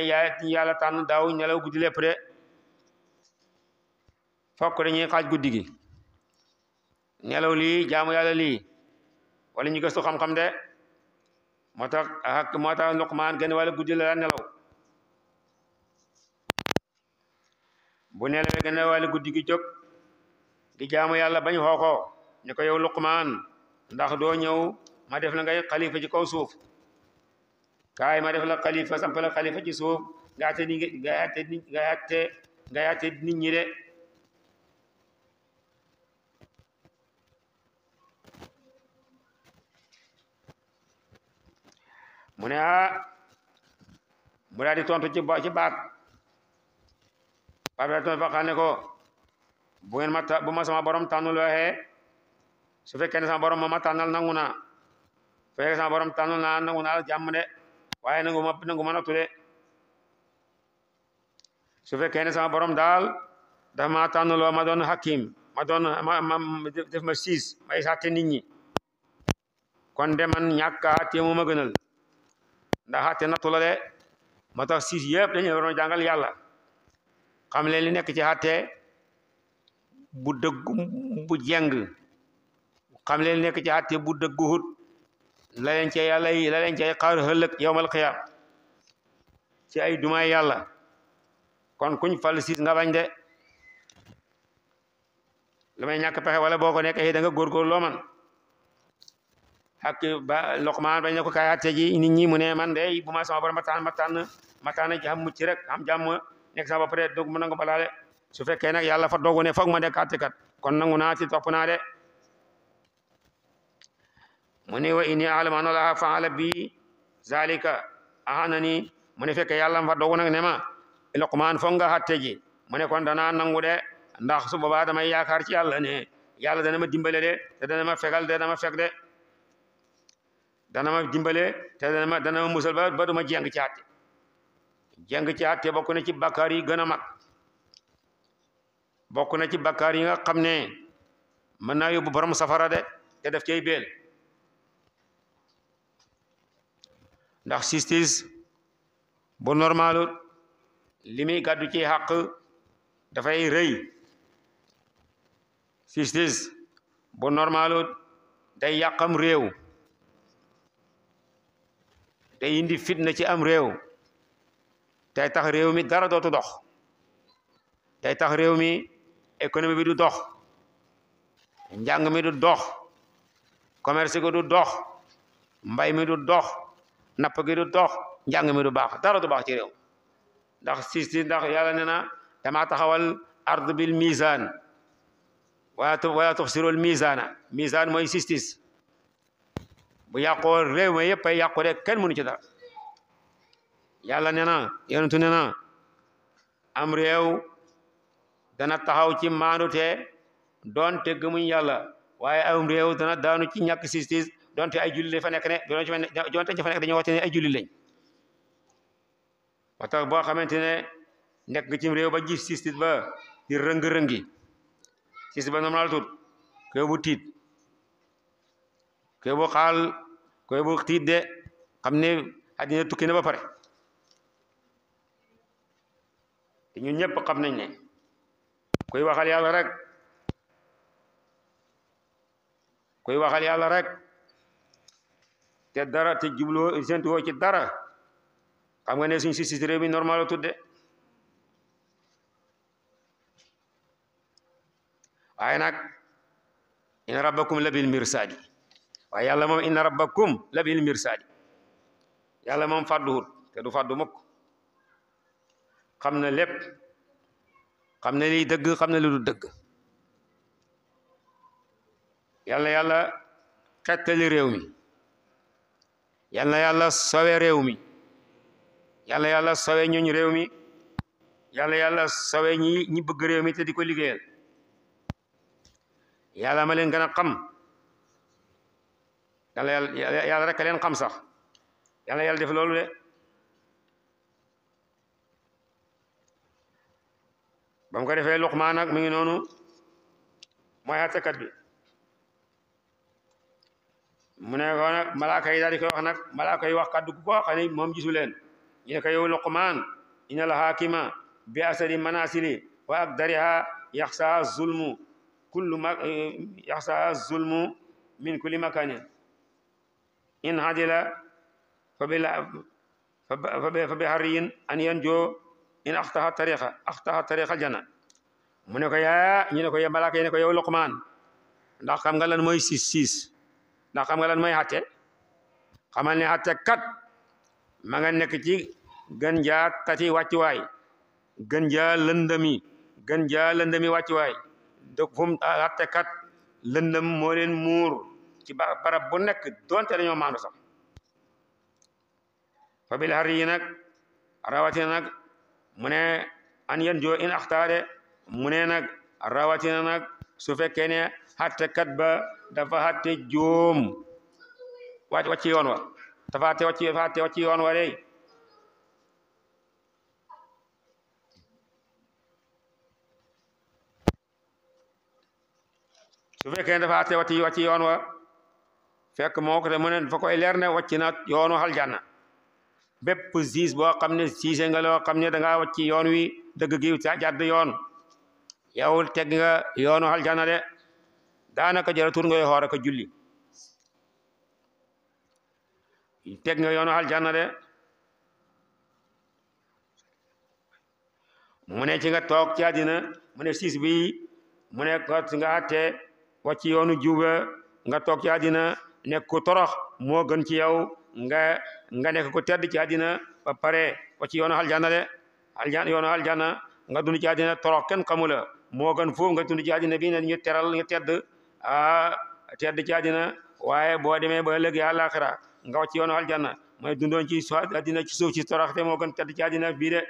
yàlla tànn daaw nelaw guddi lépp de fokk dañuy xaaj guddi gi nelaw lii jaam yàlla lii wala ñu gëstu xam-xam de moo tax moo tax Luqmaan gën wala guddi la nelaw bu nelawee gën a wàlli guddi gi jóg di jaamu yàlla bañ xoo ko ni ko ndax doo ñëw ma def la ngay xalifa ci kaw suuf kaay ma def la xalifa samp la xalifa ci nga atte ni nga nga atte nga atte nit ñi de mu ne a ah, mu daal tontu ci baat xabilatu faqa ne ko bu ngeen bu ma sama borom tànnul waxee su ne sama borom ma tànnal nangu naa su fekkee sama borom tànnul naa nangu naa jàmm de waaye nangu ma nangu ma nattu de su fekkee ne sama borom daal dafa ma tànnuloo ma doon hakim ma doon ma ma ma siis may sàtte nit ñi kon de man ñàkk a xàtte mu ma gënal ndax xàtte nattu la de moo tax siis yëpp dañu waroon jàngal yàlla xam leen li nekk ci àtte bu dëggu bu jeng xam leen li nekk ci àtte bu dëgguhut la leen ca yàlla yi la leen cay xaar ëllëg yowmal xiyaam ci ay dumay yàlla kon kuñ fal siis nga bañ de lu may ñàkk pexe wala boo ko nekk da nga góorgóor loo man ak ba Luqmaan bañ ne ko kaay àtte ji nit ñi mu ne man de bu ma sama borom ma tànn ji am mucc rek am jàmm nekk sama ba pare doog mu nangu balaa de su fekkee nag yàlla fa doogu ne foog ma nekk àttekat kon nangu naa ci topp naa de mu ne wa inni a'lamu fa'ala bi zalika ahanani mu ne fekkee yàlla fa doogu nag ne ma Luqmaan foog nga xatte ji mu ne kon danaa nangu de ndax su boobaa damay yaakaar ci yàlla ne yàlla dana ma dimbale de te dana ma fegal de dana ma dana ma dimbale te dana ma dana musal ba ba ma jeng ci àtte jeng ci àtte bokk na ci bakkaar yi gën a mag bokk na ci bakkaar yi nga xam ne mën na yóbbu borom safara de te def cay beel ndax justice bu normalul li muy gàddu ci xàq dafay rëy justice bu normalul day yàqam réew day indi na ci am réew day tax réew mi dara dootu dox day tax réew mi économie bi du dox njàng mi dox commerce gi du dox mbay mi du dox napp gi dox njàng mi du baax dara du baax ci réew ndax siis ndax yàlla nee na damaa taxawal ard bil misaan wala wala tufsirul misaana misaan mooy sistis bu yàqoo réew ma yëpp ay yàqu rek kenn mënu ci dara yàlla nee na yonentu nee na am réew dana taxaw ci maandute doonte muñ yàlla waaye am réew dana daanu ci ñàkk sistis donte ay julli lañ fa nekk ne doonte ñu fa nekk dañoo wàcce ne ay julli lañ ba tax boo xamante ne nekk nga ci réew ba gis sistis ba di rëng-rëngi sistis ba normal tut koy bu tiit koy bu xaal koy bu tiit de xam ne àddina tukki na ba pare ñu ñun ñëpp xam nañ ne kuy waxal yàlla rek kuy waxal yàlla rek te dara te jubloo séntuwoo ci dara xam nga ne suñ si mi normal tudde waaye nag inna rabbakum labil mirsaadi waaye yàlla moom inna rabbakum labil mirsaadi yàlla moom fàdduwut te du fàddu mukk xam na lépp xam na lii dëgg xam na lu du dëgg yàlla yàlla xettali réew mi yàlla yàlla sowe réew mi yàlla yàlla sowe ñuñ réew mi yàlla yàlla sowe ñi ñi bëgg réew mi te di ko liggéeyal yàlla ma leen gën a xam yàlla yàlla yàlla a leen xam sax yàlla yàlla def loolu de ba mu ko defee luqmaan nag mi ngi noonu mooy àttekat bi mu ne ko nag malaaka yi daal di koy wax nag malaaka yi wax kaddu ko xam ne moom gisu leen ñu ne ko yow luqmaan ina al haakima bi asari manasiri wa aqdariha yaxsaa zulmu kullu ma yaxsaa zulmu min kulli makanin in hadila fa bi harriyin an yanjo in axtaha tariqa axtaha tariqa aljanna mu ne ko yaa ñu ne ko ya malaaka ne ko yow Luqmaan ndax xam nga lan mooy siis siis ndax xam nga lan mooy xatte xamal ne xatte kat ma nga nekk ci gën jaa tati wàccuwaay gën jaa lëndëmi gën jaa lëndëmi wàccuwaay donc fu mu ah, xatte kat lëndëm moo muur ci barab bu nekk donte dañoo maandu sax fa bil har yi nag mu ne an yan joo in axtaare mu ne nag rawatina nag su fekkee ne xattekat ba dafa xatte joom wàcc wàcc yoon wa dafa xatte wàcc dafa xatte yoon wa dey su fekkee ne dafa xatte wàcc wàcc yoon wa fekk moo ko te mu ne dafa koy leer ne wàcc na yoonu aljanna bépp siis boo xam ne siise nga loo xam ne danga ngaa wàcc yoon wi dëgg gi jàdd yoon yowul teg nga yoonu aljana de daanaka jaratul ngay xoor ak julli teg nga yoonu aljana de mu ne ci nga toog ci àddina mu ne siis bi mu ne kot nga àtte wàcc yoonu juba nga toog ci àddina nekk ku torox moo gën ci yow nga nga nekk ko tedd ci àddina ba pare ba ci yoonu aljanna de aljanna yoonu aljanna nga dund ci àddina torox kenn kamula moo gën foofu nga dund ci àddina bi ne ñu teral ñu tedd a tedd ci àddina waaye boo demee ba ëllëg àllaaxira nga wàcc yoonu aljanna mooy dundoon ci so ci suuf ci toroxte moo gën tedd ci àddina bii de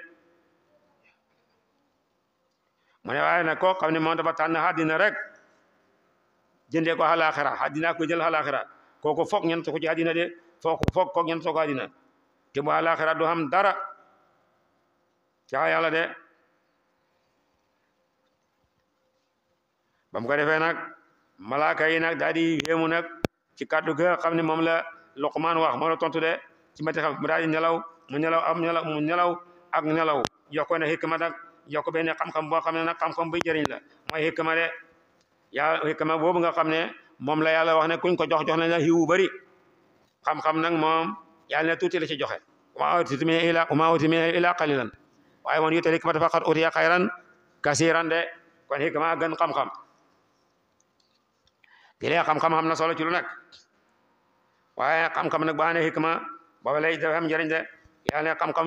mu waaye nag koo xam ne moom dafa tànn àddina rek jëndee ko àllaaxira àddina ko jël àllaaxira kooku foog ñen tu ko ci àddina de foog foog ko ngeen soog àddina te bu àllaaxira xam dara caa yàlla de bam ko defee nag malaaka yi nag daal di yéemu nag ci kàddu gi nga xam ne moom la Luqmaan wax moo la tontu de ci mati xam mu daal di nelaw mu nelaw am nelaw mu nelaw ak nelaw jox ko ne xikma nag jox ko benn xam-xam boo xam ne nag xam-xam buy jëriñ la mooy xikma de yàlla xikma boobu nga xam ne moom la yàlla wax ne kuñ ko jox jox nañ la xiwu bari xam-xam nag moom yàlla ne tuuti la ci joxe wama utiitum mina illaa wama utiitum mina illaa qalilan waaye man yuutal hikmata faqad uutiya de kon hikma gën xam-xam jëlee xam-xam am na solo ci lu nekk waaye xam-xam nag baa ne hikma booba lay dafa am njëriñ de yàlla ne xam-xam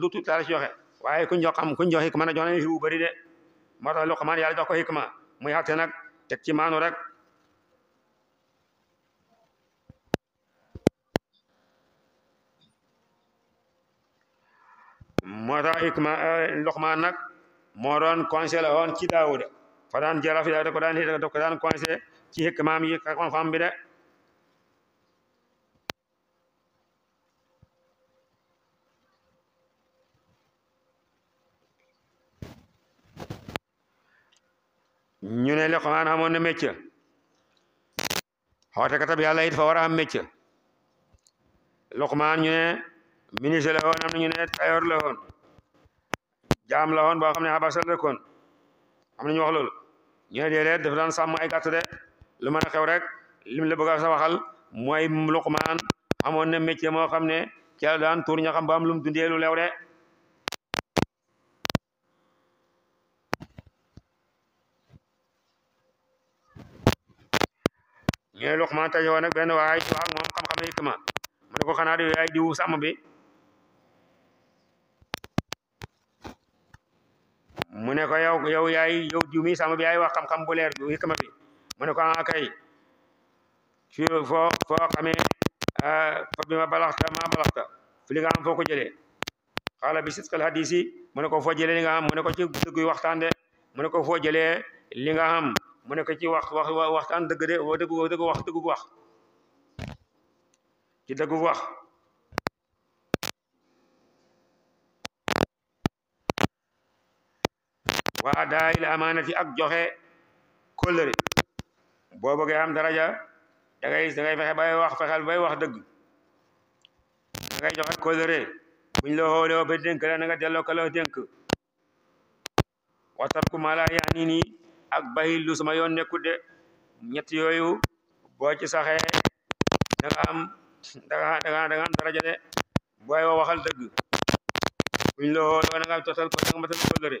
lu tuuti la ci joxe waaye kuñ jox xam kuñ jox hikma na jox nañu xiw bëri de moo tax Luqmaan yàlla jox ko hikma muy àtte nag teg ci maanu rek ma hikma eh, Luqmaan nag moo doon conseil la woon ci Daawuda fa daan jaraaf da ko daan da ko daan conseil ci hikmaam yi ak xam-xam bi de ñu ne Luqmaan xamoon na métier xootekat bi yàlla it fa war a am métier Luqmaan ministre la am na ñu ne jaam la woon boo xam ne Habasa la dëkkoon am na ñu wax loolu ñu ne déedéet daan sàmm ay gàtt de lu mën a xew rek lim la bëgg a sa waxal mooy Luqmaan amoon na métier moo xam ne ci la daan tuur ña xam ba am lu lew de ñu ne Luqmaan tajowoon nag benn waay wax ak moom xam-xam hikma mu ne ko xanaa di yaay diwu sàmm bi mu ne ko yow yow yaay yow diw mi sama bi yaay wax xam-xam bu leer bi hikma bi mu ne ko a ah, kay fi foo foo xamee ah, fa bi ma balaxta ma balaxta fi li nga am foo ko jëlee xala bi sidqal hadisi mu ne ko foo jëlee li nga am mu ne ko ci dëgg waxtaan de mu ne ko foo jëlee li nga am mu ne ko ci wax wax waxtaan dëgg de dëgg dëgg wax dëgg wax ci dëgg wax wa adaa il amaanati ak joxe kóllëre boo bëggee am daraja da ngay da ngay fexe bay wax fexeel bay wax dëgg da ngay joxe kóllëre buñ la xoolee ba dénk la na nga delloo ka la dénk wa tarku maa laa nii ak bàyyi lu sama yoon nekku de ñett yooyu boo ci saxee da nga am da nga da nga am daraja de booy waxal dëgg buñ la xoolee na nga da nga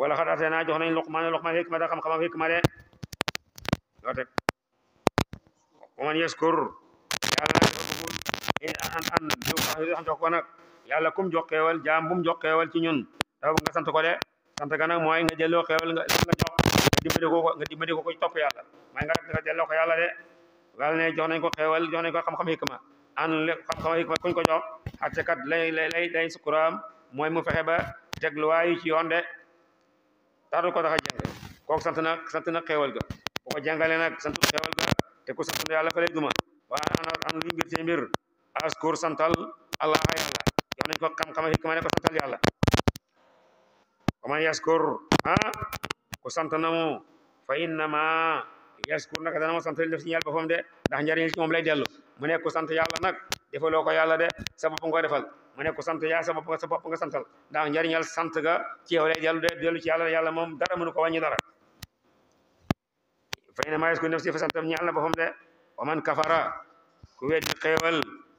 wala xad ateenaa na nañ luqmaana luqmaan hikmata xam-xamam hikma de loo teg waman yaskur yàlla an jox ko nag yàlla jox xeewal ci ñun dafa bëgg nga sant ko de sant ga mooy nga jëlloo xeewal nga nga jox nga dimbali ko nga dimbali ko ko topp yàlla mooy nga nga jëlloo ko yàlla de wàll ne jox nañ ko xeewal xam-xam hikma an ko jox xatte kat lay lay mooy mu fexe ba tegluwaayu ci yoon taxdu ko tax a jàng kooku sant na sant na xeewal ga bu ko jàngalee nag sant xeewal ga te ku sant yàlla fa lay duma waa ana an luy mbir ci mbir askur santal allah yàlla jox nañ ko xam-xam xikma santal yàlla waman yaskur ah ku sant fa innama yaskur naka dana ma sant def si ñeel boppam de ndax njariñ ci moom lay dellu ko yàlla de sa bopp nga ko defal mu ne ku sant yaa sa bopp nga sa bopp nga santal moom dara mënu ko wàññi dara fay na maa yaskur naf si fa santam ñeel na boppam de wa man kafara ku weddi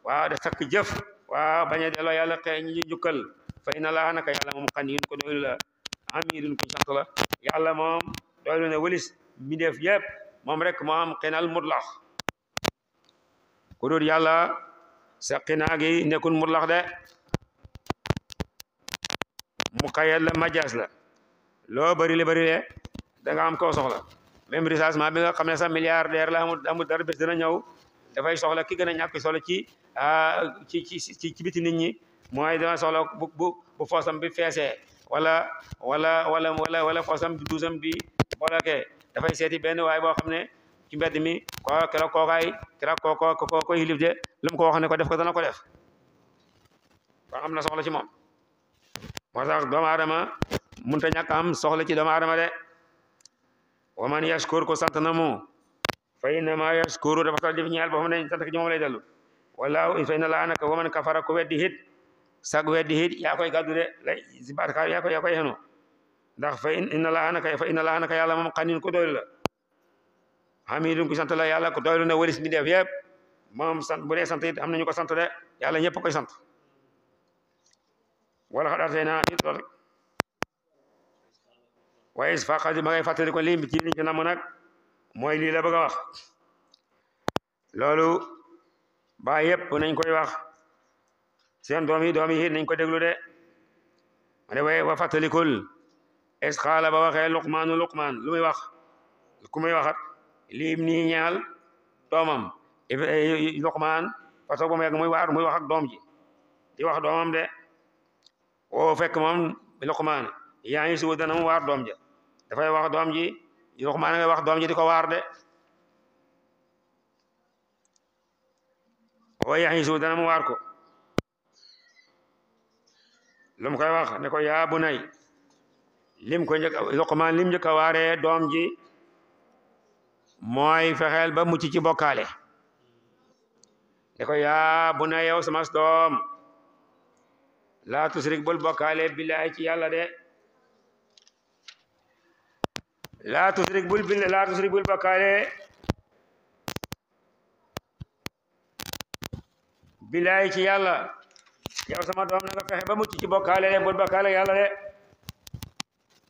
da sakk jëf waaw bañ a delloo yàlla xëy ñi jukkal fay na laa naka yàlla moom xan ko doylu la amidun kuñ sant la yàlla moom doylu ne wëlis mi def moom rek moo am xinal mutlax ku dul yàlla sa xinaa gi nekkul mutlax de mu xayal la majaas la loo bari le bari le da nga am koo soxla même recensement bi nga xam ne sax milliardaire la amul amul dara bés dina ñëw dafay soxla ki gën a ñàkk soxla ah, ci ci ci ci biti nit ñi mooy dana soxla bu foosam bi feesee wala wala wala wala wala foosam bi duusam bi dafay seeti benn waay boo xam ne ci mbedd mi ko kera kookaay kera kooko ko ko xilif de lu ko wax ne ko def ko dana ko def kon na soxla ci moom moo tax doomu aadama mënut a ñàkk am soxla ci doomu aadama de wa man yashkur ko sant na mu fa innama yashkuru dafa tal def ñeel boo xam ne sant ci moom lay dellu wallaahu fa inna laanaka wa man kafara ko weddi hit sag weddi hit yaa koy gàddu de lay si barkaar yaa koy yaa koy xenu ndax fa inna laaha naka fa inna laaha naka yàlla moom xanin ko doylu la xamidun ku sant la yàlla ko doylu na walis mi def yëpp moom sant bu dee sant it am nañu ko sant de yàlla ñëpp koy sant wala xad atayna waaye fa xadi ma ngay fàttali ko lii bi ci liñ ci nag mooy lii la bëgg wax loolu ba yëpp nañ koy wax seen doom yi doom yi nañ ko déglu de ma ne waaye wa es xaala ba waxee luqmaanu luqmaan wax ku muy waxat liim nii ñaal doomam eh, luqmaan parce que ba mu muy waar muy wax ak doom ji wax doomam de o fekk moom luqmaan yaa ngi suba dana waar doom ja wax doom ji luqmaan ngay wax doom ji di ko waar de o yaa ngi suba dana mu waar ko lu mu koy wax ne ko yaa bunay lim ko njëkk Luqmaan waare doom ji mooy fexeel ba mucc ci bokkaale ne ko yaa bu na yow sama doom laa tusrik bul bokkaale billahi ci yàlla de laa tusrik bul bill laa tusrik ci yàlla sama doom na nga fexe ba mucc ci bokkaale de bul bokkaale yàlla de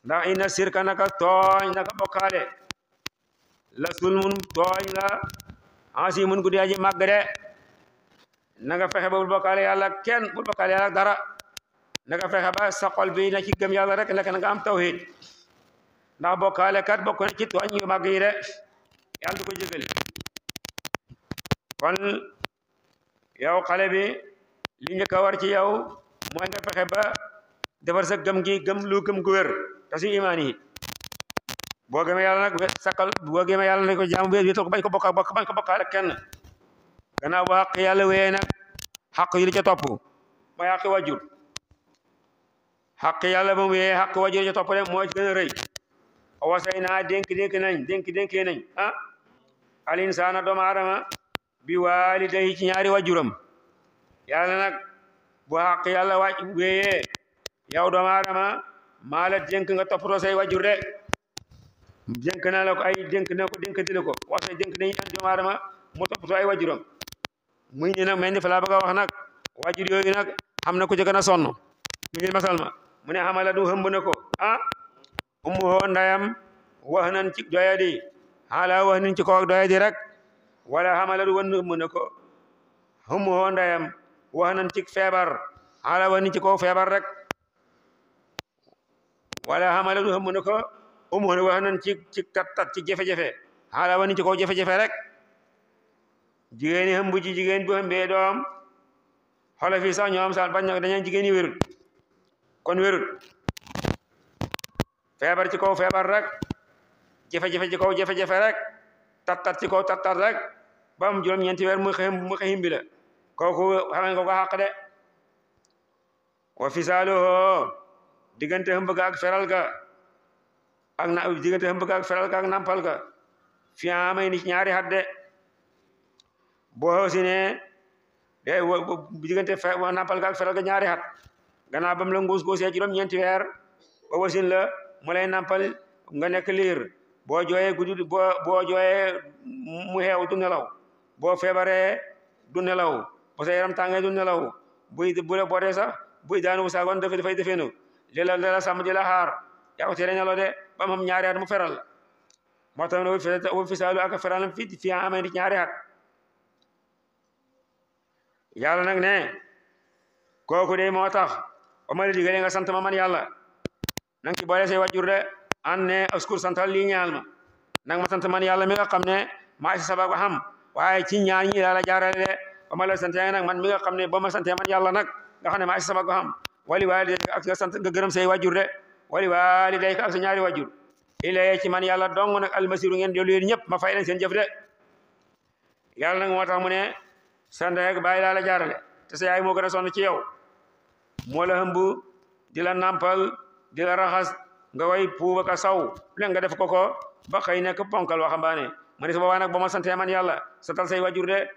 ndax ina sirka naka tooñ naka bokkaale la sulmun tooñ la ansi mun guddi aji màgg de nanga fexe ba bul bokkaale yàlla kenn bul bokkaale yàlla dara nanga fexe ba sa xol bi na ci gëm yàlla rek naka nga am tawhid ndax bokkaale kat bokk na ci tooñ yu màgg yi de yàlla du ko jégal kon yow xale bi li njëkk a war ci yow mooy nga fexe ba defar sa gëm gi gëm lu gëm gu wér kasi imaani boo gëmee yàlla nag sakkal boo gëmee yàlla nag ko jaamu wéet wéetal ko bañ ko bokk bokk bañ ko bokkaale kenn gannaaw ba xaq yàlla wéyee nag xaq yi li ca topp mooy xaq wajur xaq yàlla ba mu wéyee xaq wajur ca a rëy awasay naa dénk dénk nañ dénk dénkee nañ ah al insaana doomu aadama bi waaliday ci ñaari wajuram yàlla nag bu xaq yàlla waaj wéyee yow doomu maa la dénk nga toppatoo say wajur de dénk naa la ko ay dénk na ko dénkati la ko waxte dénk nañu ak doomu mu toppatoo ay wajuram mu ñu nag mel ni fa laa wax nag wajur yooyu nag xam na ku ci gën a sonn mu ngi masal ma mu ne xamala du hëmb na ko ah umu hoo ndayam wax nan ci doyadi xaala wax nan ci kaw ak doyadi rek wala xamala du wan hëmb ko umu hoo ndayam wax nan ci feebar xaala wax nan ci kaw feebar rek wala xamala du xam mu ne ko umoon wax nan ci ci kattat ci jafe-jafe xaala wani ci kaw jafe-jafe rek jigéen ñi xam bu ci jigéen bu xambee doom xoolal fii sax ñoo am sax bañ na dañu wérut kon wérut feebar ci kaw feebar rek jafe-jafe ci kaw jafe-jafe rek tattat ci kaw tattat rek ba mu juróom-ñeenti weer mu xëy mu xëy bi la kooku xam nga de wa fisaaluhu diggante hëmb ga ak feral ga ak na diggante ak feral ak nampal ga fiyaa may ñaari xat de boo xoosi ne de diggante nampal ga ak feral ga ñaari xat gannaaw bam la nguus guusee juróom ñeenti weer ba wasin la mu lay nampal nga nekk liir boo jooyee guddi boo boo jooyee mu xeew du nelaw boo feebaree du nelaw parce que yaram tàngee du nelaw buy bu la bootee sax buy daanu saagoon dafay defee defeenu di la dala sàmm di la xaar yaa tere nelaw de ba mu am ñaari at mu feral la moo tax ne fisaalu ak feralam fi fi amee ñaari at yàlla nag ne kooku de moo tax ba ma la nga sant ma man yàlla nang ci boole say wajur an ne askur santal lii ñaal ma sant man yàlla mi nga xam ne maa si sabab xam waaye ci ñaar ñi la la jaarale de ba ma la sant nag man mi nga xam ne ba ma sante man yàlla nag nga xam ne maa si sabab xam wali waalidayka ak nga sant nga gërëm say wajur de wali waalidayka man yàlla dong na almasiru ngeen jolu yéen ñëpp ma fay leen seen jëf de yàlla nag moo tax mu ne sa ndey ak baay laa la jaarale te sa yaay moo gën a sonn ci yow moo la hëmb di la nàmpal di la raxas nga way puuba ka saw le nga def ko ko ba xëy nekk ponkal waxambaane ma ne su boobaa nag ma santee man yàlla santal say wajur de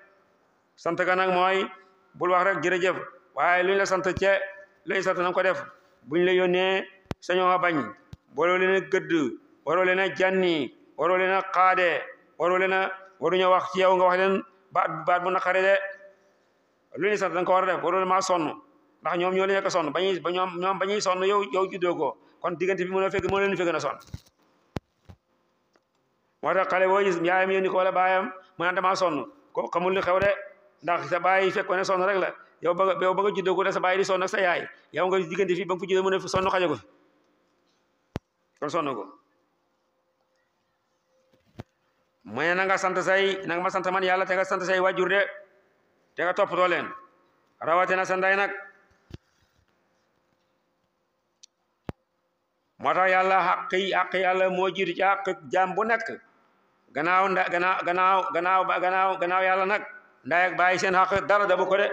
sant ka nag mooy bul wax rek jërëjëf waaye luñ la sant cee lañ sot na ko def bu buñ la yónnee sañoo a bañ booloo na a gëdd waroo leen a janni waroo leen a xaade waroo leen a wax ci yow nga wax leen baat baat bu naqare de lu ñu sant ko war a def waroo maa sonn ndax ñoom ñoo leen ko sonn bañuy ba ñoom ñoom bañuy sonn yow yow juddoo ko kon diggante bi mën a fekk a leen fekk na sonn moo tax xale boo gis yaayam yónni ko baayam mu naan damaa sonn ko xamul li xew de ndax sa baay fekk ko ne sonn rek la yow ba ba nga juddoo ko ne sa bàyyi di sonn sa yaay yow nga diggante fii ba nga ko juddoo mu ne sonn xaja ko fi ko mu ne na sant say nanga ma sant man yàlla te nga sant say wàjjur de te nga toppatoo leen rawatina sa nday nag moo tax yàlla xàq yàlla moo jiitu ci xàq jaam bu nekk gannaaw nda gannaaw gannaaw gannaaw gannaaw gannaaw yàlla nag ndaay ak seen xàq dara dabu ko de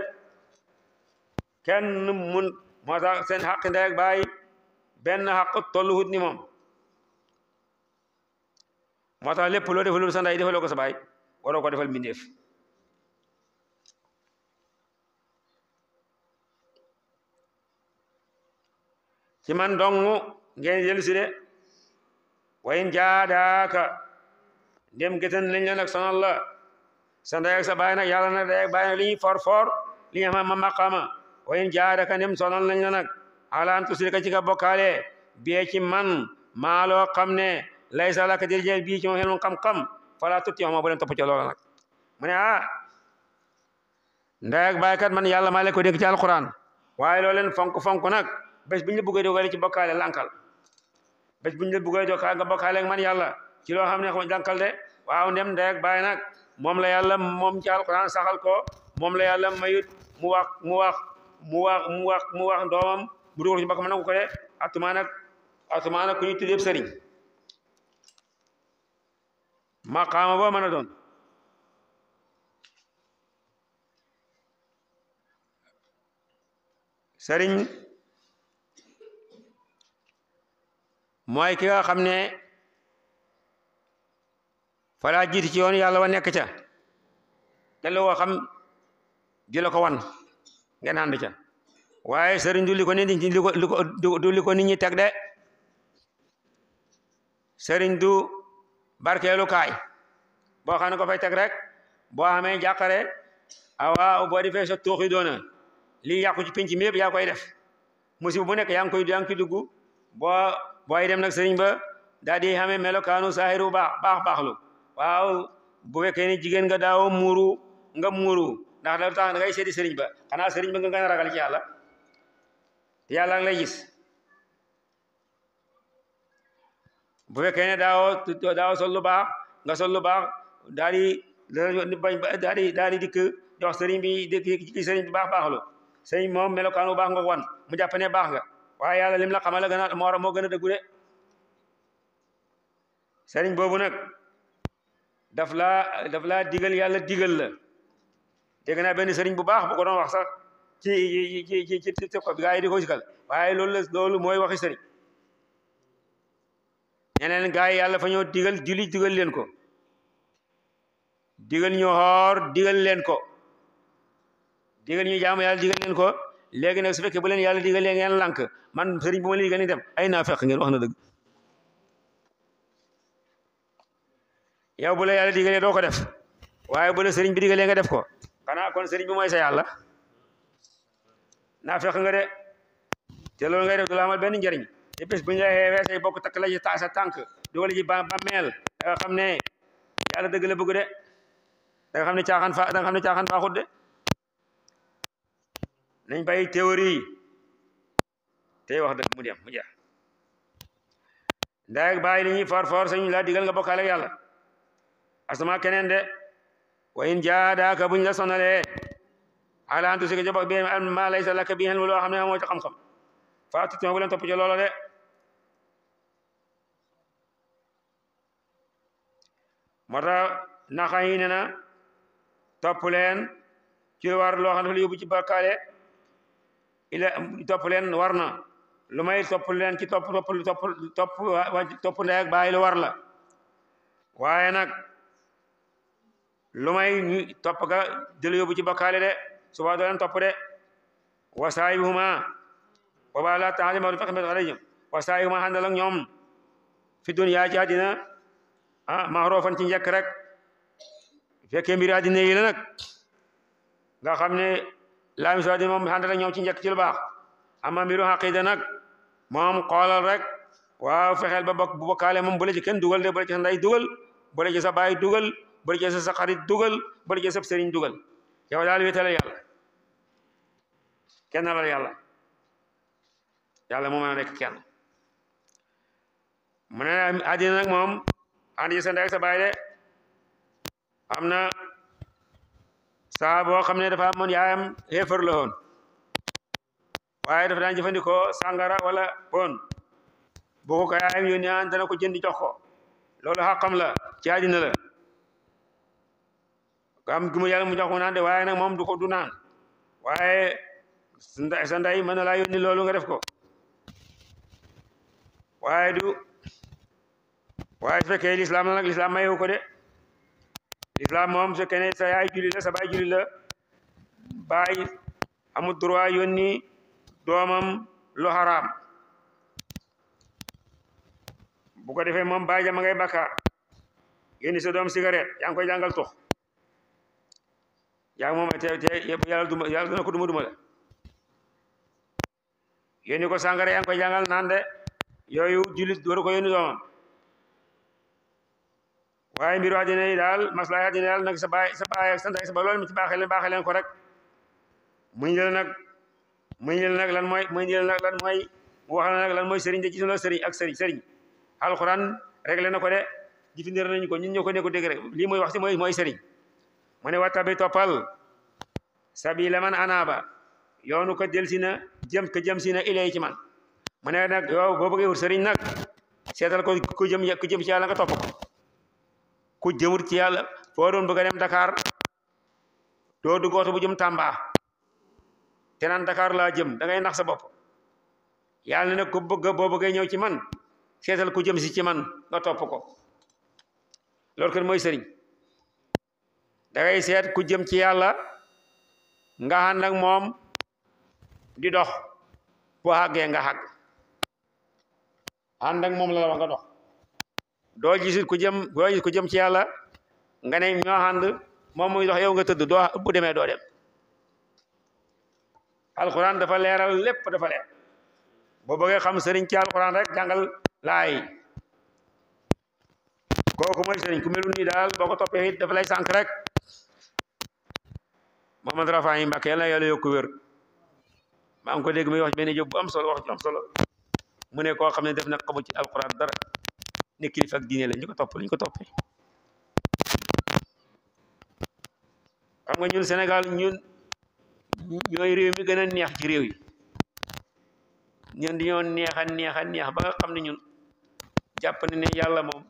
kenn mun moo tax seen xaq ndey baay benn xaq tollu hut ni moom moo tax lépp loo defalul sa ndey ko sa baay waroo ko defal mbindeef ci man dong ngeen jël si de wayin jaadaaka ndem gëtan lañ la nag sonal sa ndey sa baay nag yàlla na baay nag li ñuy for for li ñu ma maqaama wa in jaadaka nem sonal nañ la nag alaan tusrika ci nga bokkaale bee ci man maa loo xam ne laysa laka dirjeel bii ci moom xelum xam-xam fala tutti ma bu leen topp ca loola nag mu ne ah nday ak baay kat man yàlla maa leen ko dénk ci alquran waaye loo leen fonk fonk nag bés bu ñu la bëggee dogalee ci bokkaale lankal bés bu ñu la bëggee dogalee nga bokkaale ak man yàlla ci loo xam ne ko lankal de waaw ndem nday ak baay nag moom la yàlla moom ci alquran saxal ko moom la yàlla mayut mu wax mu wax mu wax mu wax mu wax doomam mu dugal ci mbakkam nangu ko de atumaa nag atumaa nag ku ñu tuddee sëriñ maqaama boo mën a doon sëriñ mooy ki nga xam ne falaa jiiti ci yoon yàlla wa nekk ca te la woo xam di la ko wan ngeen ànd ca waaye sëriñ du li ko nit ñi teg de sëriñ du barkeelu kaay boo xam ne ko fay teg rek boo xamee jàqare awa boo defee sa tooxi doona lii yàqu ci penc mi yëpp yaa koy def musiba bu nekk yaa ngi koy yaa ngi koy boo booy dem nag sëriñ ba daal di xamee melokaanu saaxiru baax baax baaxlu waaw bu fekkee ni jigéen nga daaw muuru nga muuru ndax loolu tax na sëriñ ba xanaa sëriñ ba nga a ragal ci yàlla te gis bu fekkee ne daawoo daawoo sol lu baax nga sol lu baax daal di bañ daal di daal di dikk jox sëriñ bi dikk ci sëriñ bi baax baaxlu sëriñ bi moom melokaan bu baax nga wan mu jàppane baax nga waaye yàlla lim la xamal la moo gën a dëggu de sëriñ boobu nag daf laa daf laa digal yàlla digal la dégg naa benn sëriñ bu baax bu ko doon wax sax ci ci ci ci ci yi di ko waaye loolu la loolu mooy waxi sëriñ ñeneen gaa yi yàlla fa ñoo digal julli digal leen ko digal ñu xoor digal leen ko digal ñu jaamu yàlla digal leen ko léegi nag su fekkee bu leen yàlla digalee ngeen lànk man sëriñ bu ma leen digal dem ay naa fekk ngeen wax na dëgg yow bu la yàlla digalee doo ko def waaye bu la sëriñ bi digalee nga def ko xanaa kon sëriñ bi mooy sa yàlla naa fekk nga de te loolu ngay def du la benn njëriñ te bés bu ñu la xeewee say bokk takk la ci taasa tànk dugal ji ba meel da xam ne yàlla dëgg la bëgg de da xam ne caaxaan fa da nga xam ne caaxaan faaxut de nañ bàyyi théorie tey wax mu dem mu jeex ndaay ak bàyyi li ñuy for for laa digal nga bokkaale ak yàlla asama keneen de wa in jaadaaka buñ la sonalee ala an tushrika jobak bi ma laysa laka bi ilmun loo xam ne amoo ci xam-xam faa tutuma bu leen topp ci de moo tax naxa yi ne na topp leen war loo xam ne dafa yóbbu ci bakkaale ila topp leen war na lu may topp leen ci topp topp topp topp topp ndey ak war la waaye nag lu may topp ga jël ci bakkaale de suba doo leen topp de wa saahibihuma wa ba la taali ma du fekk alayhim wa saahibihuma àndal ak ñoom fi dunya ci àddina ah maarofan ci njëkk rek fekkee mbir àddina yi la nga xam ne laa mi moom àndal ñoom ci njëkk ci lu baax ama mbiru xaqida moom xoolal rek waaw fexeel ba bu bokkaale moom bu ci kenn dugal de bu sa ndey dugal bu ci sa baay dugal bari ca sa xarit dugal bari ca sa sëriñ dugal yow daal wéetalal yàlla kenn lal yàlla yàlla moo mën ne àddina moom ànd yi sa ndey sa baay de am na saa boo xam ne dafa amoon yaayam xéefar la woon waaye dafa daan jëfandikoo sàngara walla bon bu ko yaayam yónnee dana ko jënd jox ko loolu xàqam la ci àddina la am guma yàlla mu jox naan de waaye nag moom du ko du naan waaye sa nday mën na laa yónni loolu nga def ko waaye du waaye su fekkee lislaam la nag lislaam mayewu ko de lislaam moom su fekkee sa yaay jullit sa baay jullit la baay amul droit yónni doomam lu xaraam bu ko defee moom baay jama ngay bàkkaar yónni sa doom cigarette yaa ngi koy jàngal tux yaa moom te te yàlla duma yàlla dana ko duma duma de ko sàngara yaa ngi koy jàngal yooyu jullit waru ko yónni doomam waaye mbiru àddina yi daal maslaa àddina daal nag sa baay sa baay ak sa ba loolu mi ci baaxee leen baaxee ko rek muñ leen nag muñ nag lan mooy muñ leen nag lan mooy mu wax la nag lan mooy sëriñ de gis na sëriñ ak sëriñ sëriñ alxuraan réglé na ko de jëfandikoo nañu ko ñun ñoo ko nekk dégg rek lii mooy wax si mooy mooy sëriñ mu ne bi toppal sabila man anaaba yoonu ko delsi na jëm ko jëm si na ilay ci man mu ne nag yow boo bëggee wut sëriñ nag seetal ko ku jëm ku jëm ci nga topp ko ku jëmut ci yàlla foo doon bëgg a dem dakaar doo dugg oto bu jëm Tamba te naan Dakar laa jëm da ngay nax sa bopp yàlla na ku bëgg boo bëggee ñëw ci man seetal ku jëm si ci man nga topp ko loolu kon mooy sëriñ da seet ku jëm ci yàlla nga ànd moom di dox bu àggee nga àgg ànd moom la nga dox doo gisit ku jëm doo ku jëm ci yàlla nga ne ñoo ànd moom muy dox yow nga tëdd doo bu demee doo dem alxuraan dafa leeral lépp dafa leer boo bëggee xam sëriñ ci alxuraan rek jàngal laay kooku mooy sëriñ ku melu nii daal boo ko toppee dafa lay sànq rek Mouhamad Rafahi Mbacke yàlla na yàlla yokk wér maa ngi ko dégg muy wax benn jóg bu am solo wax mu ne koo xam ne def na xamu ci alquran dara ne kilifa ak diine la ñu ko topp ñu ko toppi xam nga ñun senegal ñun ñooy réew mi gën a neex ci réew yi ñun dañoo neex a neex a neex ba xam ne ñun jàpp ne ne yàlla moom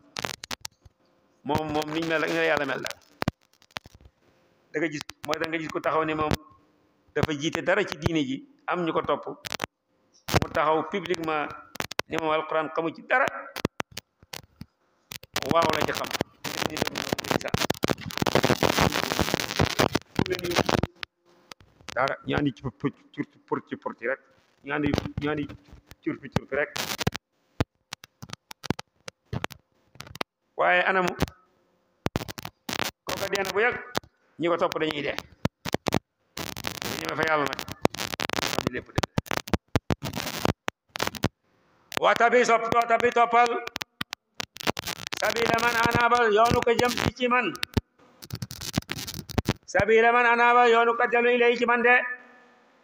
moom moom niñ mel rek ne yàlla mel daal mooy da nga gis taxaw ni moom dafa jiite dara ci diine ji am ñu ko topp mu taxaw publiquement ne moom alquran xamu ci dara waaw la ci xam dara ñu andi curti purti rek ñu curti rek waaye anamu kooka dee na bu yàgg ñi ko topp dañuy dee bu ñëwee fa wa tabi sopp wa tabi toppal sabila man anaabal yoonu ko jëm ci ci man sabila man anaabal yoonu ko jëm ilay man de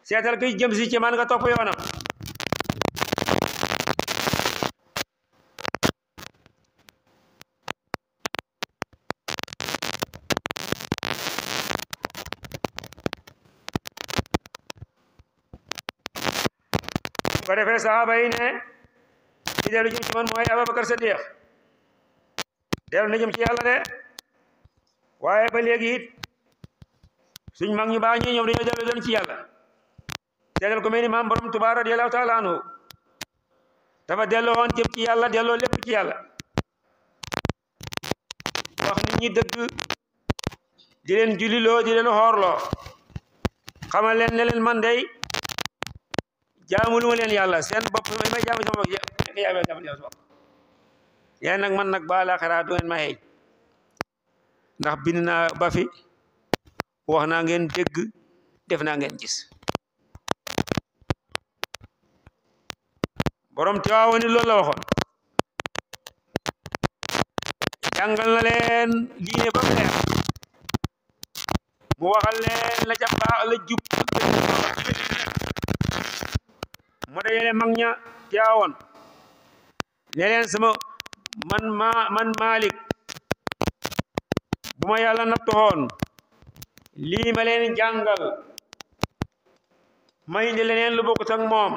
seetal kuy jëm si man nga topp yoonam ko defee saxaaba yi ne ci dellu jëm ci man mooy Ababakar Sadiq dellu na jëm ci yàlla de waaye ba léegi suñ mag ñu baax ñi ñoom dañoo dellu ci yàlla seetal ko mel ni maam borom Tuubaa radiyallaahu taala delloo jëm ci yàlla delloo lépp ci yàlla wax nit ñi dëgg di leen juliloo di leen xoorloo xamal leen ne leen man dey jaamulu leen yàlla seen bopp may may jaamu sama nag man nag ba àllaaxira ma xëy ndax bind naa ba wax naa ngeen dégg def naa ngeen gis borom Tiwaawan ni loolu la waxoon jàngal na leen diine ba mu leer mu waxal leen la jàpp la jub mu dajale mag ña jaawoon ne leen sama man ma man Malick bu ma yàlla nattoon lii ma leen jàngal leneen lu bokkut moom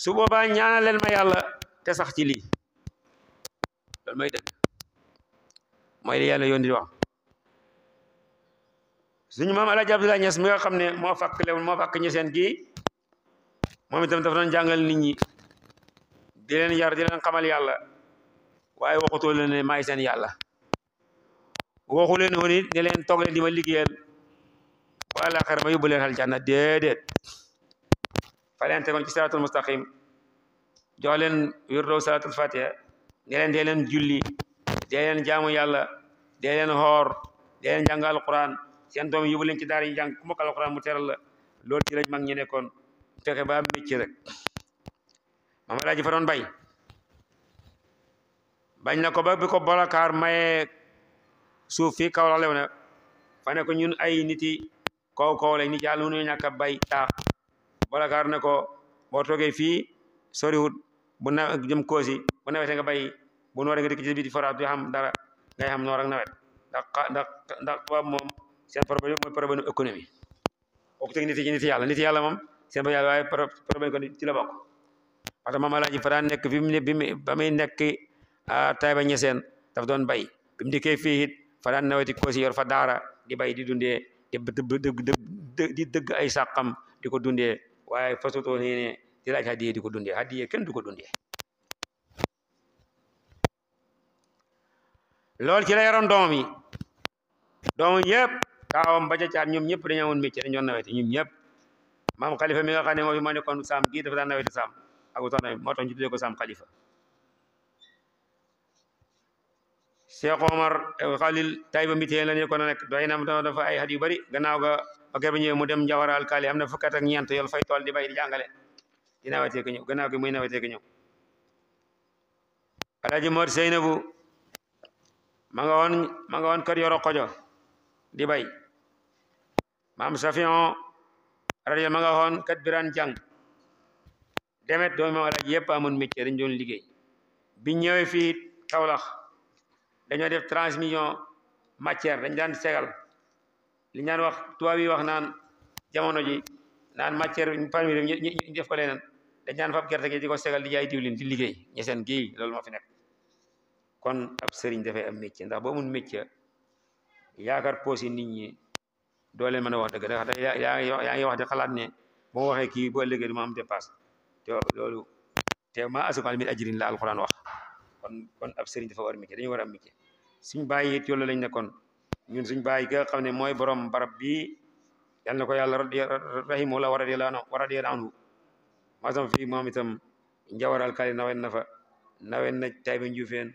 su boobaa ñaanal leen ma yàlla te sax ci li loolu may dëgg mooy yàlla yoon di suñu maam El Hadj Abdoulaye Niass mi nga xam ne moo fàkk lewul moo fàkk ñu seen gii moom itam dafa doon jàngal nit ñi di leen yar di leen yàlla waaye waxutoo leen ne maay seen yàlla waxu leen woon it ne leen toog leen di ma liggéeyal ba àllaaxira ma yóbbu leen aljanna déedéet fa leen tegoon ci siraatul mustaqim jox leen wirdo salaatul fatiha ne leen dee leen julli dee jaamu yàlla dee leen xoor dee leen jàng seen doom yóbbu ci daara yi jàng ku mokkal alquran mu teral la loolu ci mag ñi nekkoon fexe ba am métier rek maam alaaji fa doon bay bañ na ko ba bi ko bolakaar mayee suuf fii kaw la na fa ne ñun ay niti kaw kaw lañ nit ñàkk bay taax bolakaar ne ko boo toogee fii soriwut bu na jëm koosi ba nawetee nga bay bu nooree nga dikk ci biir di foraat du xam dara ngay xam noor ak nawet ndax ndax ndax tubaab moom seen problème mooy problème économie kooku teg nit yi nit yàlla moom seen ba yàlla waaye problème ko ci la bokk parce que maam alaaji fa daan nekk fi mu ne bi ba muy nekk Taïba Ñaseen daf doon bay bi mu dikkee fii it fa naweti koosi yor fa daara di bay di dundee di di dëgg ay sàqam di ko dundee waaye fasutoo nii ne di laaj hadiye di ko dundee hadiye kenn di ko dundee loolu ci la yoroon doom yi doom yëpp taawam ba ca caat ñoom ñëpp dañoo amoon métier maam xalifa mi nga xam ne moo fi moo saam gii dafa daan nawetu saam ak utoona moo tax ñu tuddee ko saam xalifa Cheikh Omar eh, Khalil Taïba Mbiteel la nekkoon nekk doy na dafa ay at yu bëri gannaaw ga bakar bi ñëwee mu dem Njawara alkaali am na fukk ak ñeent yool fay tool di bay di jàngale di nawetee ko ñëw gannaaw gi muy nawetee ko ñëw Alaaji Mor Seynabu ma nga woon kër Yoro Kojo di bay maam Safion rajo ma nga xoon kat biran jàng demet doomu ma laaj yëpp amoon métier dañ doon liggéey bi ñëwee fii Kaolack dañoo def transmission matière dañ daan segal li ñaan wax tubaab yi wax naan jamono ji naan matière parmi ñu def ko leneen dañ daan fab gerte gi di ko segal di jaay diwlin di liggéey ñe gi loolu moo fi nekk kon ab sëriñ dafay am métier ndax boo mun métier yaakaar posi nit doo leen mën a wax dëgg yaa ngi wax xalaat ne boo waxee kii boo liggéey du ma am dépasse te loolu te ma ajrin la alquran wax kon kon ab war a métier dañu war a am métier suñ bàyyi it yoolu lañ nekkoon ñun suñ bàyyi ga xam ne mooy borom barab bi yal na ko yàlla rahimahu la waradiyan anhu maasam fii moom itam njawar alkali nawen na fa nawen na Tayba Njuufeen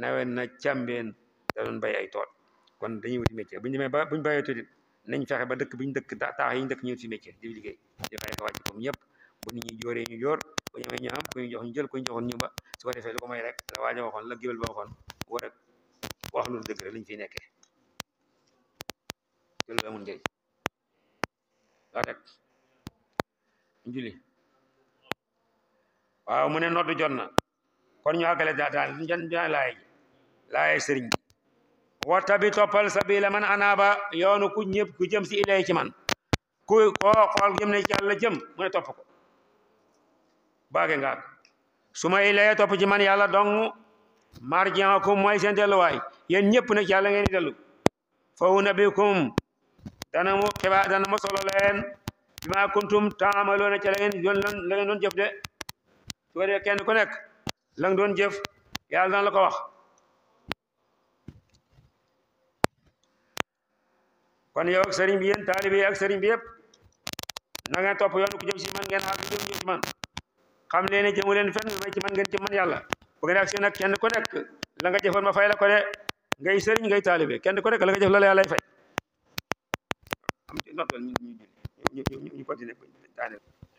nawen na Càmbeen da doon bay ay tool kon dañuy wuti métier buñ demee ba buñ bàyyee nañ fexe ba dëkk bi ñu dëkk taax yi ñu dëkk ñëw ci métier di liggéey di fexe nga wàcc comme ñëpp bu nit ñi ñu jóor ku ñu jox ñu jël ku ñu ñu ba su ko defee lu ko may rek la waaja waxoon la géwél ba waxoon war a wax lu dëgg rek liñ fiy nekkee te waaw mu ne nodd jot na kon ñu àggale daa daal jan daan laaye sëriñ bi toppal sabila man anaaba yoonu ku ñëpp ku jëm si ilay ci man ku koo xool jëm ne ci yàlla jëm mu ne topp ko baage nga su ma ilay topp ci man yàlla dong marjiakum mooy seen delluwaay yéen ñëpp ne ci yàlla ngeen di dellu fa unabikum dana mu xibaar dana mu solo bi ma kuntum taamaloona ca la doon la jëf de su ko dee kenn ku nekk la doon jëf yàlla dana la ko wax kon yow ak sëriñ bi yéen taalibe ak sëriñ bi yëpp na ngeen topp yoonu ku jëm si man ngeen àgg jëm ñu man xam leen ne jëmu leen fenn may man ngeen ci man yàlla bu ngeen ak seen nag kenn ku nekk la nga jëfoon ma fay la ko de ngay sëriñ ngay taalibe kenn ku nekk la nga la la yàlla fay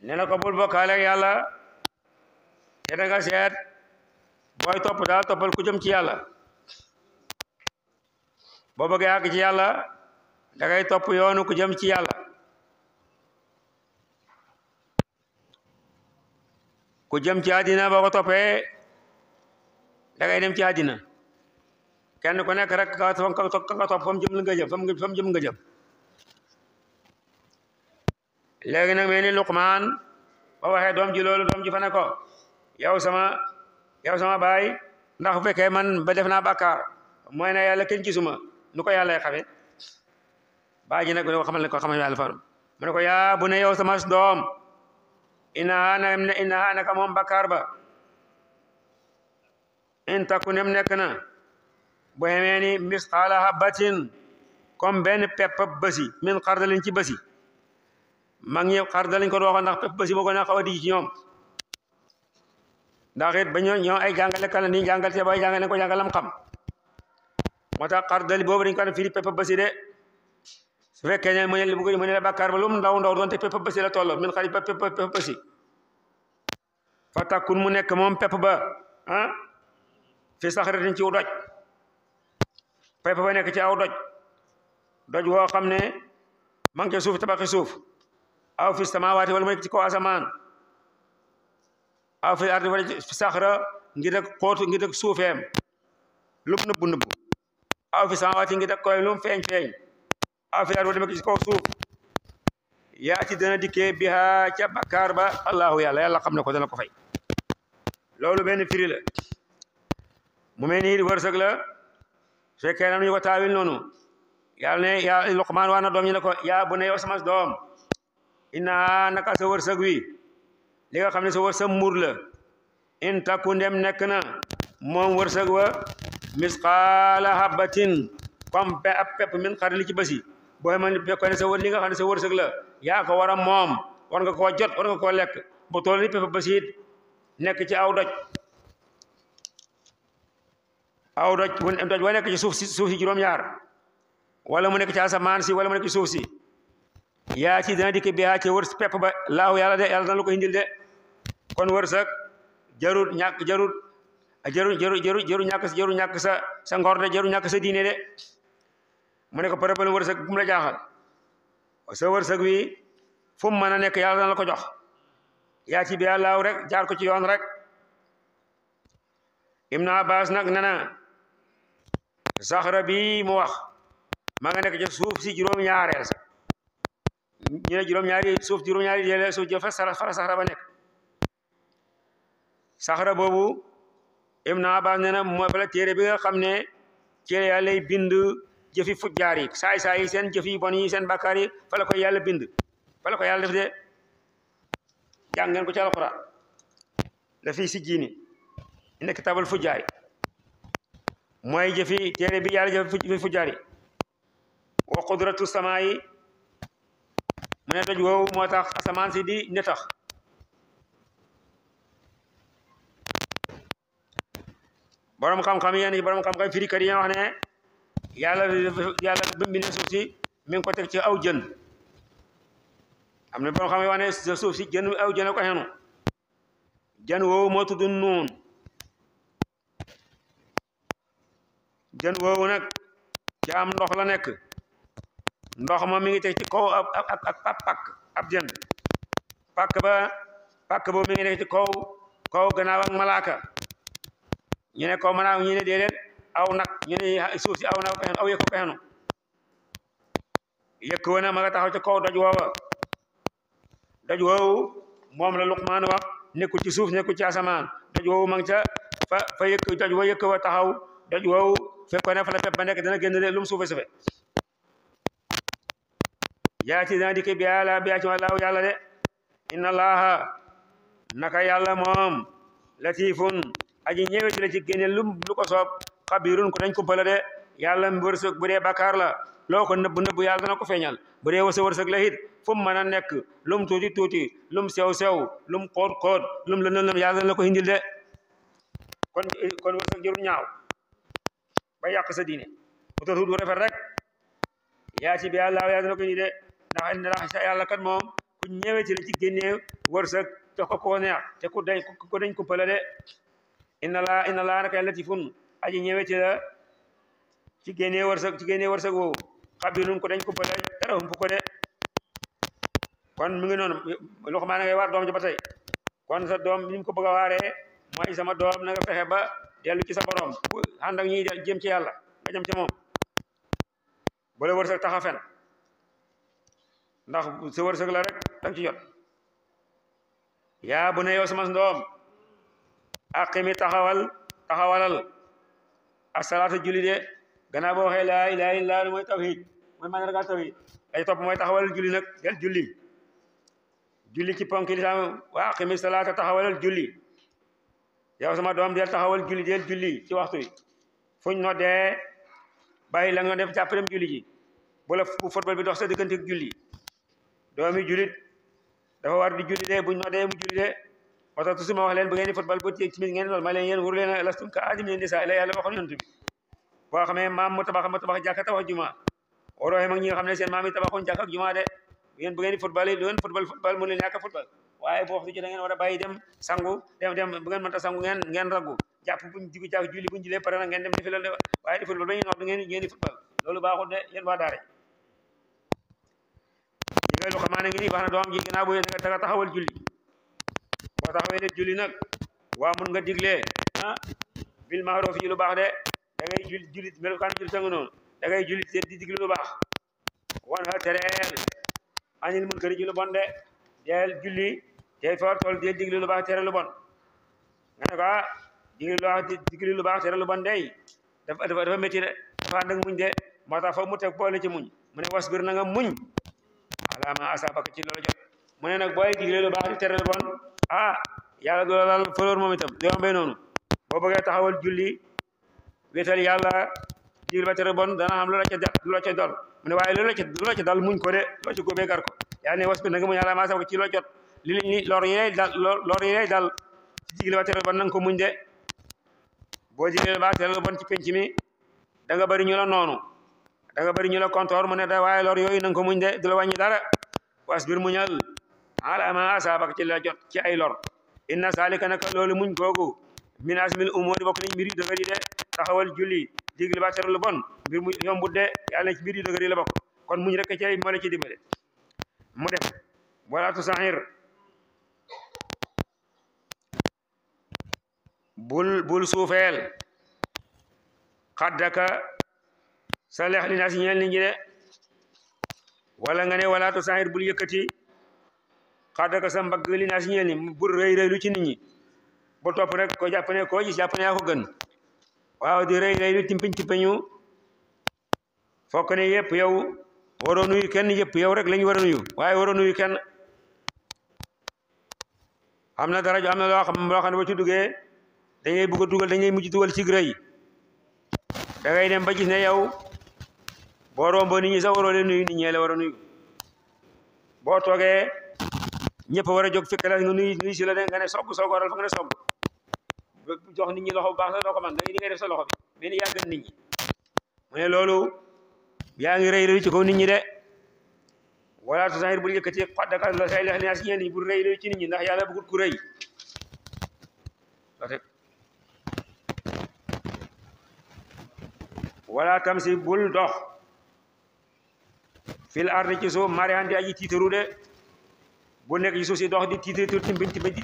ñu na ko bul bokkaale ak yàlla te seet booy topp daal toppal ku jëm ci yàlla boo bëggee àgg ci yàlla da topp yoonu ku jëm ci yàlla ku jëm ci àddina boo ko toppee da dem ci àddina kenn ku nekk rek ka topp fa mu jëm la nga jëm fa mu jëm nga jëm nag mel ba waxee doom ji loolu doom ji fa ne yow sama yow sama baay ndax bu fekkee man ba def naa bàkkaar mooy ne yàlla kenn suma nu ko yàlla xamee baa ji nag ne ko xamal ne ko xamal yàlla faru mu ne ko yaa bu ne yow sama doom inahaa na inahaa naka moom bakkaar ba in takku nem nekk na bu xamee ni misqaala habatin comme benn pepp bësi min xardalin ci bësi mag ñi xardalin ko dooxoon ndax pepp bësi moo gën a xaw a di ci ñoom ndax it ba ñoo ñoom ay jàngalekat la nii jàngal te bay jàngale ko jàngalam xam moo tax xardali boobu dañ ko firi pepp bësi de su fekkee ne mu ne mu ne la bàkkaar ba lu mu ndaw ndaw doonte pepp ba si la toll min xarit ba pepp ba si fa takkun mu nekk moom pepp ba ah fi saxaratin ci aw doj nekk ci aw doj doj woo xam ne ma ngi suuf suuf ci kaw asamaan aw fi ardi wala fi saxara ngir ak xóotu ngir ak suufeem lu mu nëbbu nëbbu aw fi samawaati ngir ak koy lu mu feeñ feeñ afiyaat wa dama ci kaw suuf yaa dana dikkee biha bakkaar ba allahu yàlla yàlla xam ne ko dana ko fay loolu benn firi la mu mel ni wërsëg la su na nam ñu ko taawil noonu yàlla ne yaa Luqmaan waa na doom ñi ne ko yaa bu ne yow sama doom inna naka sa wërsëg wi li nga xam ne sa wërsëg mur la in takku ndem nekk na moom wërsëg wa misqaala habbatin comme pe min xari li ci basi boo man fekkoon ne sa wër li nga xam ne sa wërsëg la yaa ko war a moom war nga koo jot war nga koo lekk bu toll ni ba basiit nekk ci aw doj aw doj doj wa nekk ci suuf si suuf si juróom wala mu nekk ci asamaan si wala mu nekk ci suuf si yaa ci dana dikk biyaa ci wërs pepp ba laaw yàlla de yàlla dana la ko indil de kon wërsëg jarut ñàkk jarut jarut jarut jarut ñàkk jarut ñàkk sa sa ngor de jarut ñàkk sa diine de mu ne ko përëbal wërsëg sa mu la jaaxal sa wërsëg wi fu mu mën a nekk yàlla dana la ko jox yaa ci bi rek jaar ko ci yoon rek Ibn baas nag nee na saxra bi mu wax maa nga nekk ci suuf si juróom-ñaareel sa ñu juróom-ñaari suuf juróom-ñaari déele suuf jëf fa fara saxra ba nekk boobu Ibn Abbas nee na mooy bala téere bi nga xam ne téere yàlla lay bind jëfi fujjaar yi saay saay yi seen jëf yu bon yi seen bakkaar yi fa la ko yàlla bind fa la ko yàlla def de jàng ko ci alxuraan la fii si jiini inna kitaabal fujjaar mooy jëfi téere bi yàlla jëfi fujjaar yi wa qudratu samaa yi mu ne doj woowu moo tax asamaan si di ne tax borom xam-xam yenn borom xam-xam firikat yi wax ne yàlla yàlla bimbine suuf si mi ngi ko teg ci aw jën am na boo xam ne ne suuf si jën aw jën a ko xenu jën woowu moo tudd nuun jën woowu nag ca am ndox la nekk ndox ma mi ngi teg ci kaw ab ab ab ab jën pak ba pak boobu mi ngi nekk ci kaw kaw gannaaw ak malaaka ñu ne manaaw ñu ne aw nag ñu suuf si aw na ko aw yëkku peenu yëkku wona ma nga taxaw ci kaw daj woowa doj woowu moom la Luqmaan wax nekku ci suuf nekku ci asamaan doj woowu ma ca fa fa yëkk doj taxaw doj woowu fekkoon fa la pepp ba nekk dana génn de lu suufe suufe yaati dana dikki bi yàlla bi yaati wallaahu de inna laaha naka yàlla moom latifun aji ñëweti la ci génne lu lu soob xabirun ku dañ ko pala de yàlla mu wërsëg bu dee bàkkaar la loo ko nëbb nëbb yàlla dana ko feeñal bu dee wasa wërsëg la it fu mu mën a nekk lum tuuti tuuti lum sew sew lum xóot xóot lum lëndëm lëndëm yàlla dana la ko indil de kon kon wërsëg jëru ñaaw ba yàq sa diine oto tuut bu rafet rek yaa ci bi yàlla yàlla dana ko indi de ndax ndax yàlla kat moom ku ñëwee ci la ci génnee wërsëg jox ko ko neex te ku dañ ko dañ ko pala de inna laa inna laa naka yàlla latifun aji ñëwee ci la ci génnee wërsëg ci génnee wërsëg woowu xabiluñ ko dañ ko bële dara ump ko de kon mu ngi noonu Luqmaan ngay waar doom ji ba tey kon sa doom ni mu ko bëgg a waaree mooy sama doom na nga fexe ba dellu ci sa borom bu ànd ak ñiy jëm ci yàlla nga jëm ci moom bu wërsëg taxa ndax sa wërsëg la rek danga ci yaa bu ne yow sama doom aqimi taxawal taxawalal asalaatu julli de gannaaw boo waxee laa ilaaha mooy tawhid mooy mandarga tawhid ay topp julli nag julli julli ci ponk lislaam wa aqimi salaata taxawalal julli yow sama doom del taxawal julli del julli ci waxtu yi fuñ noddee bàyyi la nga def jàpp dem julli ji bu la football bi dox sa diggante julli doomi jullit dafa war di julli de buñ noddee mu julli de parce que toujours ma wax leen bu ngeen di football ba téye timis ngeen lool ma leen yéen wóor leen lastum ka aadim leen nisa la yàlla waxoon yonent bi boo xamee maam mu tabax mu tabax jàkka tabax waroo xem ak ñi nga bu ngeen di football yi ngeen war a dem sangu dem dem bu ngeen mënta sangu ngeen ngeen raggu julli buñ julee pare na ngeen dem defi loolu de waaye di ba ñu nopp ngeen ngeen di loolu baaxul de yéen waa daara yi nga lu xamaa boo taxawee ne julli nag waa mun nga diglee ah bil maaroof yi lu baax de da ngay jul jullit melokaan jullit a nga noonu da di digli lu baax wan xa tereel anil mun këri ji lu bon de deel julli tey foor tool deel digli lu baax tere lu bon nga ne ko ah digli lu baax digli lu baax tere lu bon dey dafa dafa de dafa ànd ak de moo tax foofu mu teg boole ci muñ mu ne wasbir na nga muñ alaama asaabaka ci loolu mu ne nag booy digli lu baax di tere lu bon ah yàlla du la laal fëloor moom itam di rombee noonu boo bëggee taxawal julli wéetal yàlla digil ba tere bon dana am lu la ca lu la ca dal mu ne waaye lu la ca lu la ca dal muñ ko de loo ci góobee gar ko yaa maa ci loo jot li li lor yi lay dal dal ci digil ba tere ko muñ boo digil ba tere bon ci penc mi da nga bëri ñu la noonu da bari ñu la kontoor mu ne da waaye lor yooyu na nga ko muñ de du la wàññi dara was bir muñal ala ma asaabak ci la jot ci ay lor inna salika naka loolu muñ googu min asmil umuri bokk nañ mbir yu dëgër yi de taxawal julli digle ba bon mbir mu yombut de yàlla ci mbir yu la bokk kon muñ rek ci ay moo ci dimbale mu def wala tusahir bul suufeel xaddaka sa leex li naa si ñeel nit ñi de wala nga ne wala tusahir bul yëkkati xaada ko sa mbagg li naa si ñeel ni bur rëy rëylu ci nit ñi bu topp rek ko jàpp ne koo gis jàpp ne yaa ko gën waaw di rëy rëylu timpiñ timpiñu fokk ne yëpp yow waroo nuyu kenn yëpp yow rek lañu war a nuyu waaye waroo nuyu kenn am na dara am na loo xam loo xam ne ba ci duggee dañuy bëgg a dugal dañuy mujj dugal ci rëy da dem ba gis ne yow boo rombo nit ñi waroo leen nuyu nit ñee la war nuyu boo toogee ñëpp war a jog fekk la nga nuyu nuyu si la ne nga ne sogg soggoral fa nga ne sogg jox nit loxo bu baax sax doo ko man da ngay def sa loxo bi mais yaa gën nit ñi mu ne loolu yaa ngi rëy rëy ci kaw nit ñi de wala tusahir bul yëkkati xaddaka la say lex naas ñeen ñi bul rëy rëy ci nit ñi ndax yàlla bëggul ku rëy wala tam si bul dox fil ardi ci suuf mari aji tiitaru de bu nekk ci suuf si dox di tiitari tur timbiñ timbiñ di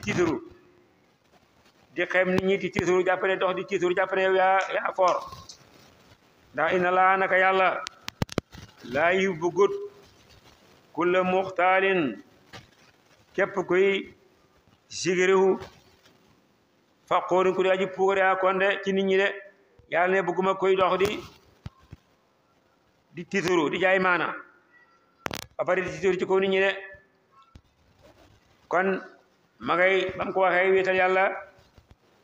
di xem nit ñi di tiitaru jàpp dox di tiitaru jàpp ne yow yaa yaa foor ndax ina laa naka yàlla laa yu bëggut kulla muxtaalin képp kuy sigirihu faqoorin ku di aji puukare a konde ci nit ñi de yàlla ne bëgguma koy dox di di tiitaru di jaay maana ba di tiitaru ci kaw nit de kon ma ngay bam ko waxee wéetal yàlla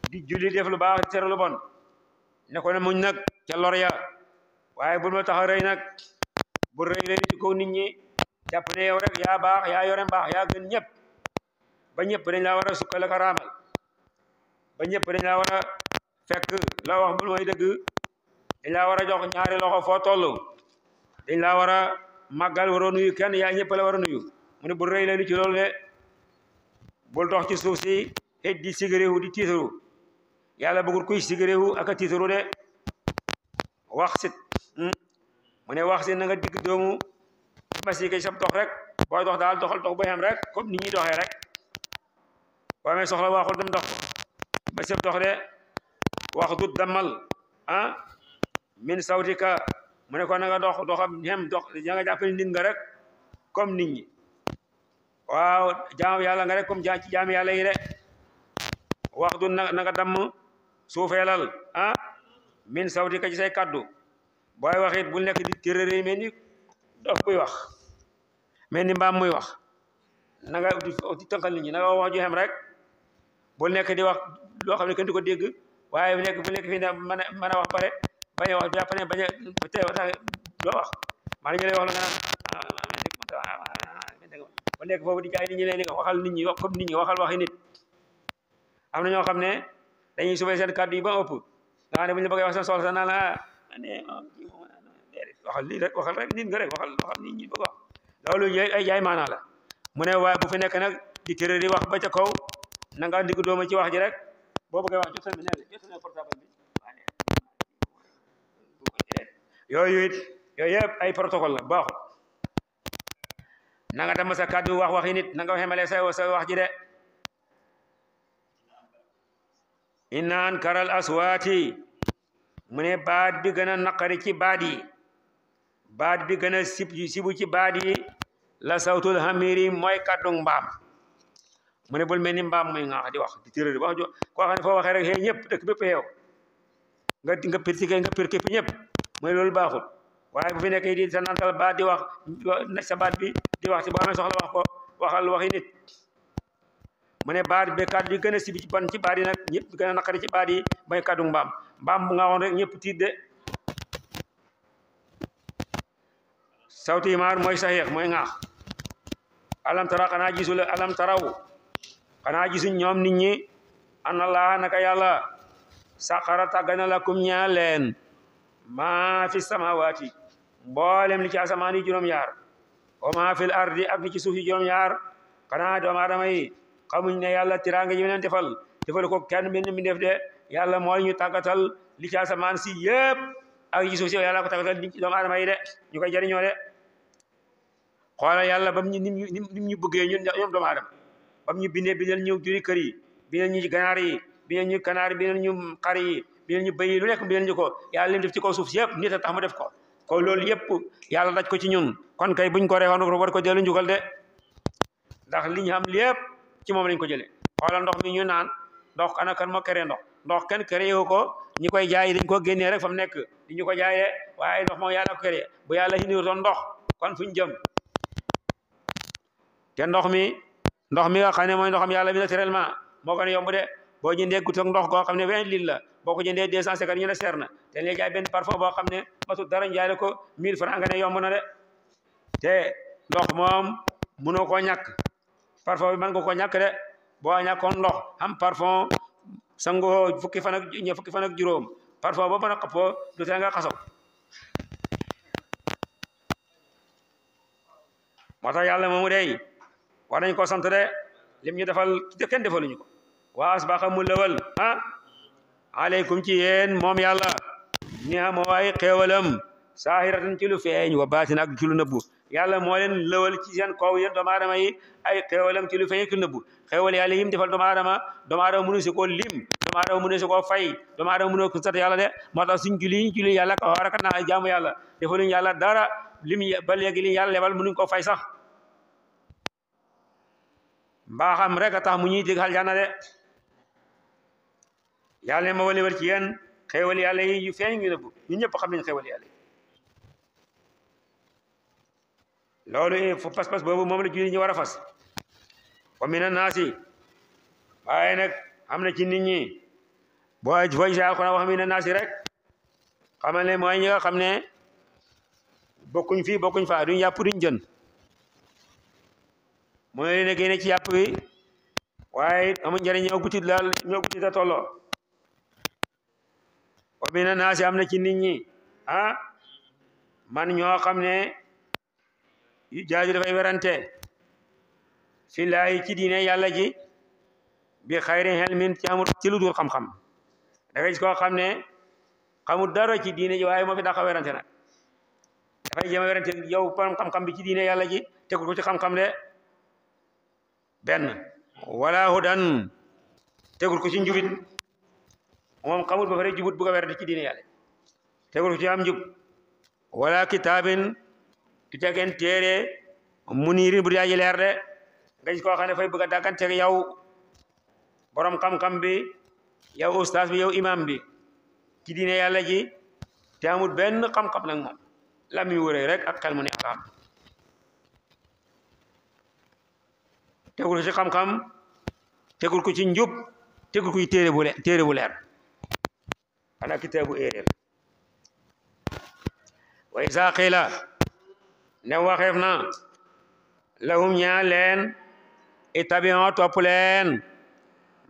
di julli def lu baax di tere lu bon ne ko ne muñ nag ca lor ya waaye bul ma tax a rëy nag bu rëy ci kaw nit ñi jàpp ne yow rek yaa baax yaa yore baax ya gën ñëpp ba ñëpp dañ laa war a sukkal ak ba ñëpp dañ laa war a fekk la wax bul mooy dëgg dañ laa war a jox ñaari loxo foo toll dañ laa war a màggal waroo nuyu kenn yaa ñëpp la nuyu mu ne bu rëy ci loolu de bul dox ci suuf si te di sigaréewu di tiitaru yàlla bëggul kuy sigaréewu ak a tiitaru de wax sit hmm? mu ne wax sit na nga digg doomu masi kay sab dox rek booy dox daal doxal dox booy am rek comme nit ñi doxee rek boo amee soxla waxul dem dox ba sab dox de wax du dammal ah min sawtika mu ne ko na nga dox doxam xem dox da nga jàpp nit nga rek comme nit ñi waaw jaam yàlla nga rek comme jaam ci jaam yàlla yi de wax du na nga damm suufeelal ah min sawti ka ci say kaddu booy wax it bul nekk di tërëree mel ni buy wax mel ni mbaam muy wax na nga di tënkal ñi na nga wax ju rek bul nekk di wax loo xam ne kenn di ko dégg waaye bu nekk bu nekk fii ne mën a mën a wax pare bañ a wax jàpp ne bañ a tee doo wax maa na ñu lay wax la nga naan ah, ba nekk foofu di jaay nit ñi leen nga waxal nit wax comme nit waxal waxi nit am na ñoo xam ne dañuy suufee seen kàddu ba ëpp nga ne bu ñu la bëggee wax seen soxla sax naan la ah, ah, ah, waxal lii la mu ne waaye bu fi nekk nag di tërëri wax ba ca kaw na nga digg dooma ci wax ji rek boo bëggee wax jox ne jox portable bi yooyu it yooyu yëpp ay protocole la baaxul nanga nga tam sa kàddu wax waxi nit na nga xemale say say wax ji de naan ankaral aswaati mu ne baat bi gën a naqari ci baat yi baat bi gën a sib sibu ci baat yi la sawtul hamiri mooy kàddu mbaam mu ne bul mel ni mbaam muy nga di wax di tërëri wax jo koo xam ne foo waxee rek xëy ñëpp dëkk bépp xeew nga nga critiqué nga critiqué ñëpp mooy loolu baaxul waaye bu fi nekk di sanantal baat di wax sa baat bi di wax ci boo amee soxla wax ko waxal waxi nit mu ne baat bi kàddu yi gën a sibi ci ban ci baat yi nag ñëpp gën a naqari ci baat yi mooy mbaam mbaam bu nga woon rek ñëpp tiit de sawti maar mooy saxeex mooy ŋaax alam tara xanaa gisul alam taraw xanaa gisuñ ñoom nit ñi ana laa naka yàlla saxara tàgg la kum ñaa leen maa fi samawaati mboolem li ci asamaan yi juróom-ñaar wa maa fil ardi ak li ci suuf yi juróom-ñaar xanaa doomu aadama yi xamuñ ne yàlla tiraanga ji mu leen defal defal ko kenn benn mi def de yàlla mooy ñu tàggatal li ci asamaan si yëpp ak ci suuf si yàlla ko tàggatal ci doomu aadama yi de ñu koy ñu nim nim ñu bëggee ñun ñoom doomu aadama bam ñu bindee bindal ñu juri kër yi bindal ñu ganaar yi bindal ñu kanaar bindal ñu xar yi bindal ñu bëy lu nekk bindal ñu ko yàlla lim def ci ko suuf si yëpp nit tax mu def ko ko loolu yëpp yàlla daj ko ci ñun kon kay buñ ko rewoon war ko dellu njugal de ndax liñ xam lépp ci moom lañ ko jëlee xoolal ndox mi ñu naan ndox ana kan moo kere ndox ndox kenn kere ko ñu koy jaay dañ ko génnee rek fa mu nekk di ñu ko jaayee waaye ndox moo yàlla ko kere bu yàlla indiwu doon ndox kon fuñ jëm te ndox mi ndox mi nga xam ne mooy ndoxam yàlla bi naturellement moo gën a yomb de boo jëndee gutag ndox goo xam ne vingt litres boo ko jëndee deux cent cinquante ñu ne cher te léegi benn parfum boo xam ne matul dara ñu jaay ko mille francs nga ne yomb na de te ndox moom mënoo koo ñàkk parfum bi ko nga koo ñàkk de boo ñàkkoon ndox am parfum sangoo fukki fan fan ak juróom parfum boo mën a xappoo du tee nga moo tax yàlla moomu dey war nañ ko sant de lim ñu defal kenn defaluñu ko waa asbaxa mu lewal ah? aleykum ci yéen moom yàlla ni am waaye xéewalam saahiratan ci lu feeñ wa baatin ak ci lu nëbbu yàlla moo leen lëwal ci seen kaw yéen doomu aadama yi ay xéewalam ci lu feeñ ak lu nëbbu xéewal yàlla yim defal doomu aadama doomu aadama mënu si ko lim doomu aadama mënu si koo fay doomu aadama mënu ko sant yàlla de moo tax suñ julli ñu julli yàlla ko war a naa jaamu yàlla defaluñ yàlla dara lim ba léegi li yàlla lebal mënuñ ko fay sax mbaaxam rek a tax mu ñuy dig aljana de yàlla ne ma wala war ci yéen xéewal yàlla yi yu feeñ yu nëbbu ñun ñëpp xam nañ xéewal yàlla yi loolu fu pas-pas boobu moom la jullit ñi war a fas wa mina naasi waaye nag am na ci nit ñi boo fooy sa na wax mina naasi rek xamal ne mooy ñi nga xam ne bokkuñ fii bokkuñ fa duñ yàpp duñ jën mooy ne génne ci yàpp wi waaye amuñ njëriñ ñoo gutit laal ñoo gutit a tolloo wa mina naasi am na ci nit ñi ah man ñoo xam ne yu jaaju dafay werante fi laay ci diine yàlla ji bi xayri xelmin ci amul ci lu dul xam-xam da ngay gis koo xam ne xamul dara ci diine ji waaye moo fi daqa werante nag dafay jéem a werante yow borom xam-xam bi ci diine yàlla ji tegul ko ci xam-xam de benn wala hudan tegul ko njubit moom xamul ba pare jubut bu ko werante ci diine yàlla tegul ci am jub wala kitaabin du tegeen téere mu niirin bu di ji leer de nga gis koo xam fay bëgg a dàkkanteeg yow borom xam-xam bi yow ustaas bi yow imam bi ci diine yàlla ji te amul benn xam-xam nag moom la muy rek ak xel mu neex xam tegul ci xam-xam tegul ko ci njub tegul ko ci téere bu leer xanaa kitaabu erreur wa isa qiila ne waxeef na lahum ñaa leen ittabi'u topp leen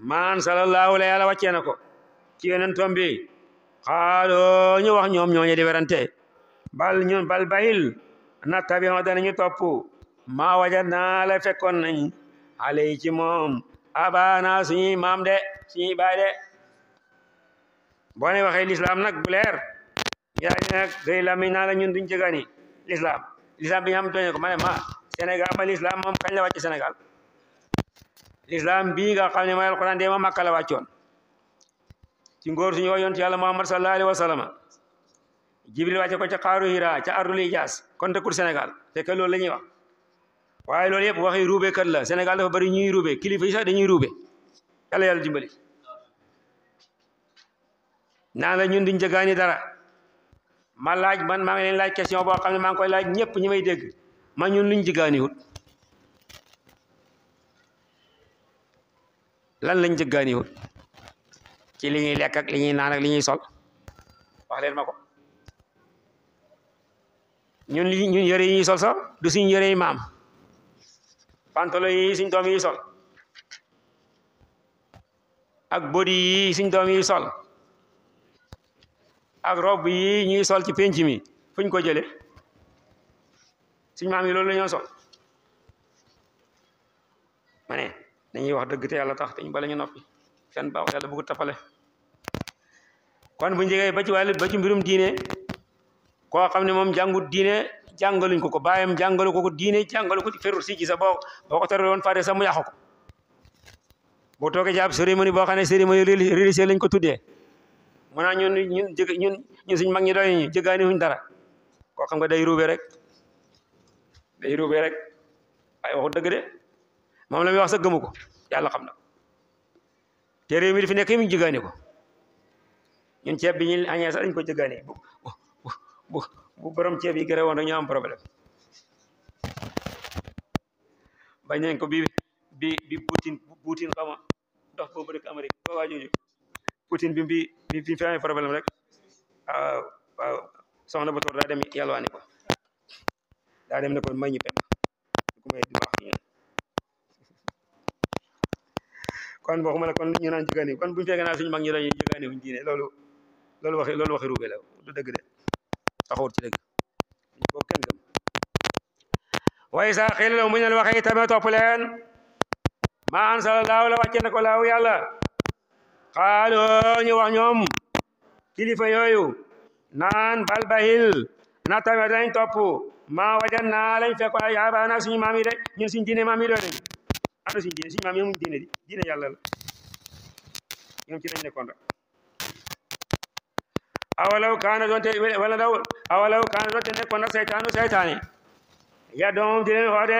maan sallallahu la yàlla ko ci yeneen tom bi xaaloo ñu wax ñoom ñooñu di bal ñun bal bayil na tabi'u danañu topp ma waja naa la fekkoon nañ alay ci moom abana maam de suñuy baay de boo ne waxee lislaam nag bu leer yaa ne nag gëy lamiñ naa la ñun duñ jëgaani lislaam lislaam bi ñu xam ko ma ne ma Sénégal ma lislaam moom kañ la wàcc Sénégal lislaam bii nga xam ne mooy alquran ma Makka la wàccoon ci ngóor suñu wax yontu yàlla Muhammad sallallahu alayhi Jibril wàcce ko ca xaaru Hira ca ardul Hijaas kon dëkkul senegal fekk loolu la ñuy wax waaye loolu yëpp waxi ruube kat la Sénégal dafa bari ñuy ruube kilifa yi sax dañuy ruube yàlla yàlla naan la ñun duñ jëgaani dara ma laaj man maa ngi laaj question boo xam ne maa ngi koy laaj ñëpp ñi may dégg ma ñun luñ jëgaaniwut lan lañ jëgaaniwut ci li ñuy lekk li ñuy naan li ñuy sol wax leen ma ko ñun li ñun yi ñuy sol sax du suñ yëre maam pantalon yi suñ doom yi sol ak body yi suñ doom yi sol ak rob yi ñuy sol ci penc mi fu ñu ko jële suñu maam yi loolu la ñoo sol ma ne dañuy wax dëgg te yàlla tax te ñu bala ñu noppi fen baaxul yàlla bëggu tapale kon bu njegee ba ci wàllu ba ci mbirum diine koo xam ne moom jàngut diine jàngaluñ ko ko bàyyam jàngalu ko ko diine jàngalu ko ci ferul si ci sa boo boo ko tere woon fàtte sax mu yàqu ko boo toogee jàpp cérémonie boo xam ne cérémonie religieuse lañ ko tuddee mu naa ñun ñun jëg ñun ñun suñ mag ñi doy ñu jëgaani wuñ dara koo xam nga day ruube rek day ruube rek waaye waxu dëgg de moom la muy wax sa gëmu ko yàlla xam na te réew mi di fi nekk mi jëgaani ko ñun ceeb bi ñu añee sax dañ ko jëgaani bu bu bu borom ceeb yi gërë woon dañu am problème bañ nañ ko bi bi bi Putin Putin xama ndox boobu rek Amérique ba waa jooju Putin bi bi fi fi amee problème rek waaw ah, ah, soxna ba toor daa dem yalwaani ko daa dem ne ko may ñu benn du ko may du baax ñun *laughs* kon waxuma la kon ñu naan jëgaani kon mag ñi dañuy jëgaani wuñ diine loolu loolu waxi loolu du dëgg de taxawut ci dëgg boobu saa xëy bu ñu leen waxee tamit topp leen maa anzala laahu la wàcce na ko laahu yàlla xaalo ñu wax ñoom kilifa yooyu naan bal bahil na tame dañ topp maa wajan naa lañ fekk ay abaana suñu maam yi de ñun suñu diine maam yi doy nañu ana suñu diine suñu maam yi moom diine di diine yàlla la ñoom ci lañ nekkoon rek awalaw kaana doonte wala daw awalaw kaana doonte nekkoon na seytaanu seytaane ya doom di leen xoo de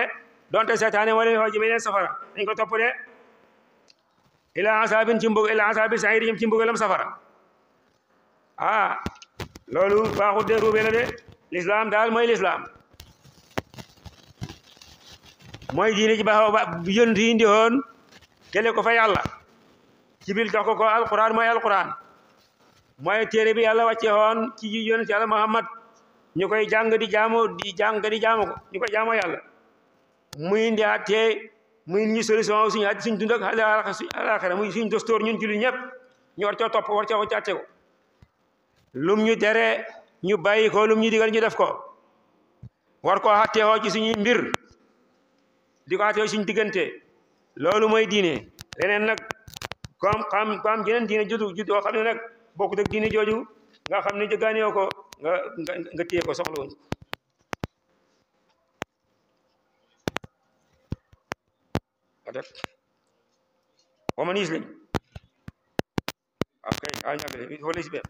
doonte seytaane wala xoo jëme leen safara dañ ko topp de ila asaabin ci mbug ila asaabi sa'iir jëm ci mbugalam safara ah loolu baaxut de ruube de lislaam daal mooy lislaam mooy diine ji baaxoo ba indi woon jële ko fa yàlla jibril jox ko ko alquran mooy alquran mooy téere bi yàlla wàcce woon ci yonent yàlla muhammad ñu koy jàng di jaamu di jàng di jaamu ñu koy jaamoo yàlla muy indi àttee muy ñu solution suñu aj suñ dund ak alaxira muy suñ dostoor ñun julli ñëpp ñu war coo topp war coo càcce ko lum ñu tere ñu bàyyi ko lum ñu digal ñu def ko war koo xàtteewoo ci suñuy mbir di ko xàtteewoo suñu diggante loolu mooy diine leneen nag comme xam comme jeneen diine juddu juddu yoo xam ne nag bokkut ak diine jooju nga xam ne jëggaanee ko nga nga téye ko soxla adepte waman islam akai anya vile wala islam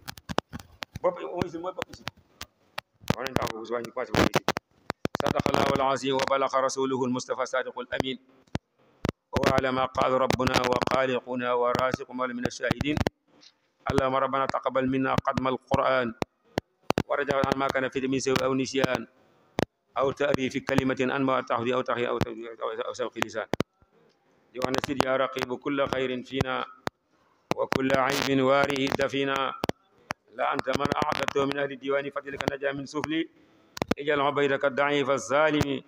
baba wala islam baba islam wana ndafu wazwani kwa sababu صدق الله العظيم وبلغ رسوله المصطفى صادق الامين وعلى ما قال ربنا وخالقنا ورازق من الشاهدين اللهم ربنا تقبل منا قدم القران ورجعنا عن ما كان في من سوء او نسيان او تابي في كلمه ان ما تحظي او تحي او, أو, أو, أو سوق لسان di wax ne sid ya raqibu kulla xayrin fiina wa kulla aybin waarihi tafina la anta man axdatoo min ahli diwaani fatilka naja min sufli ijal ubaydaka daifa zalimi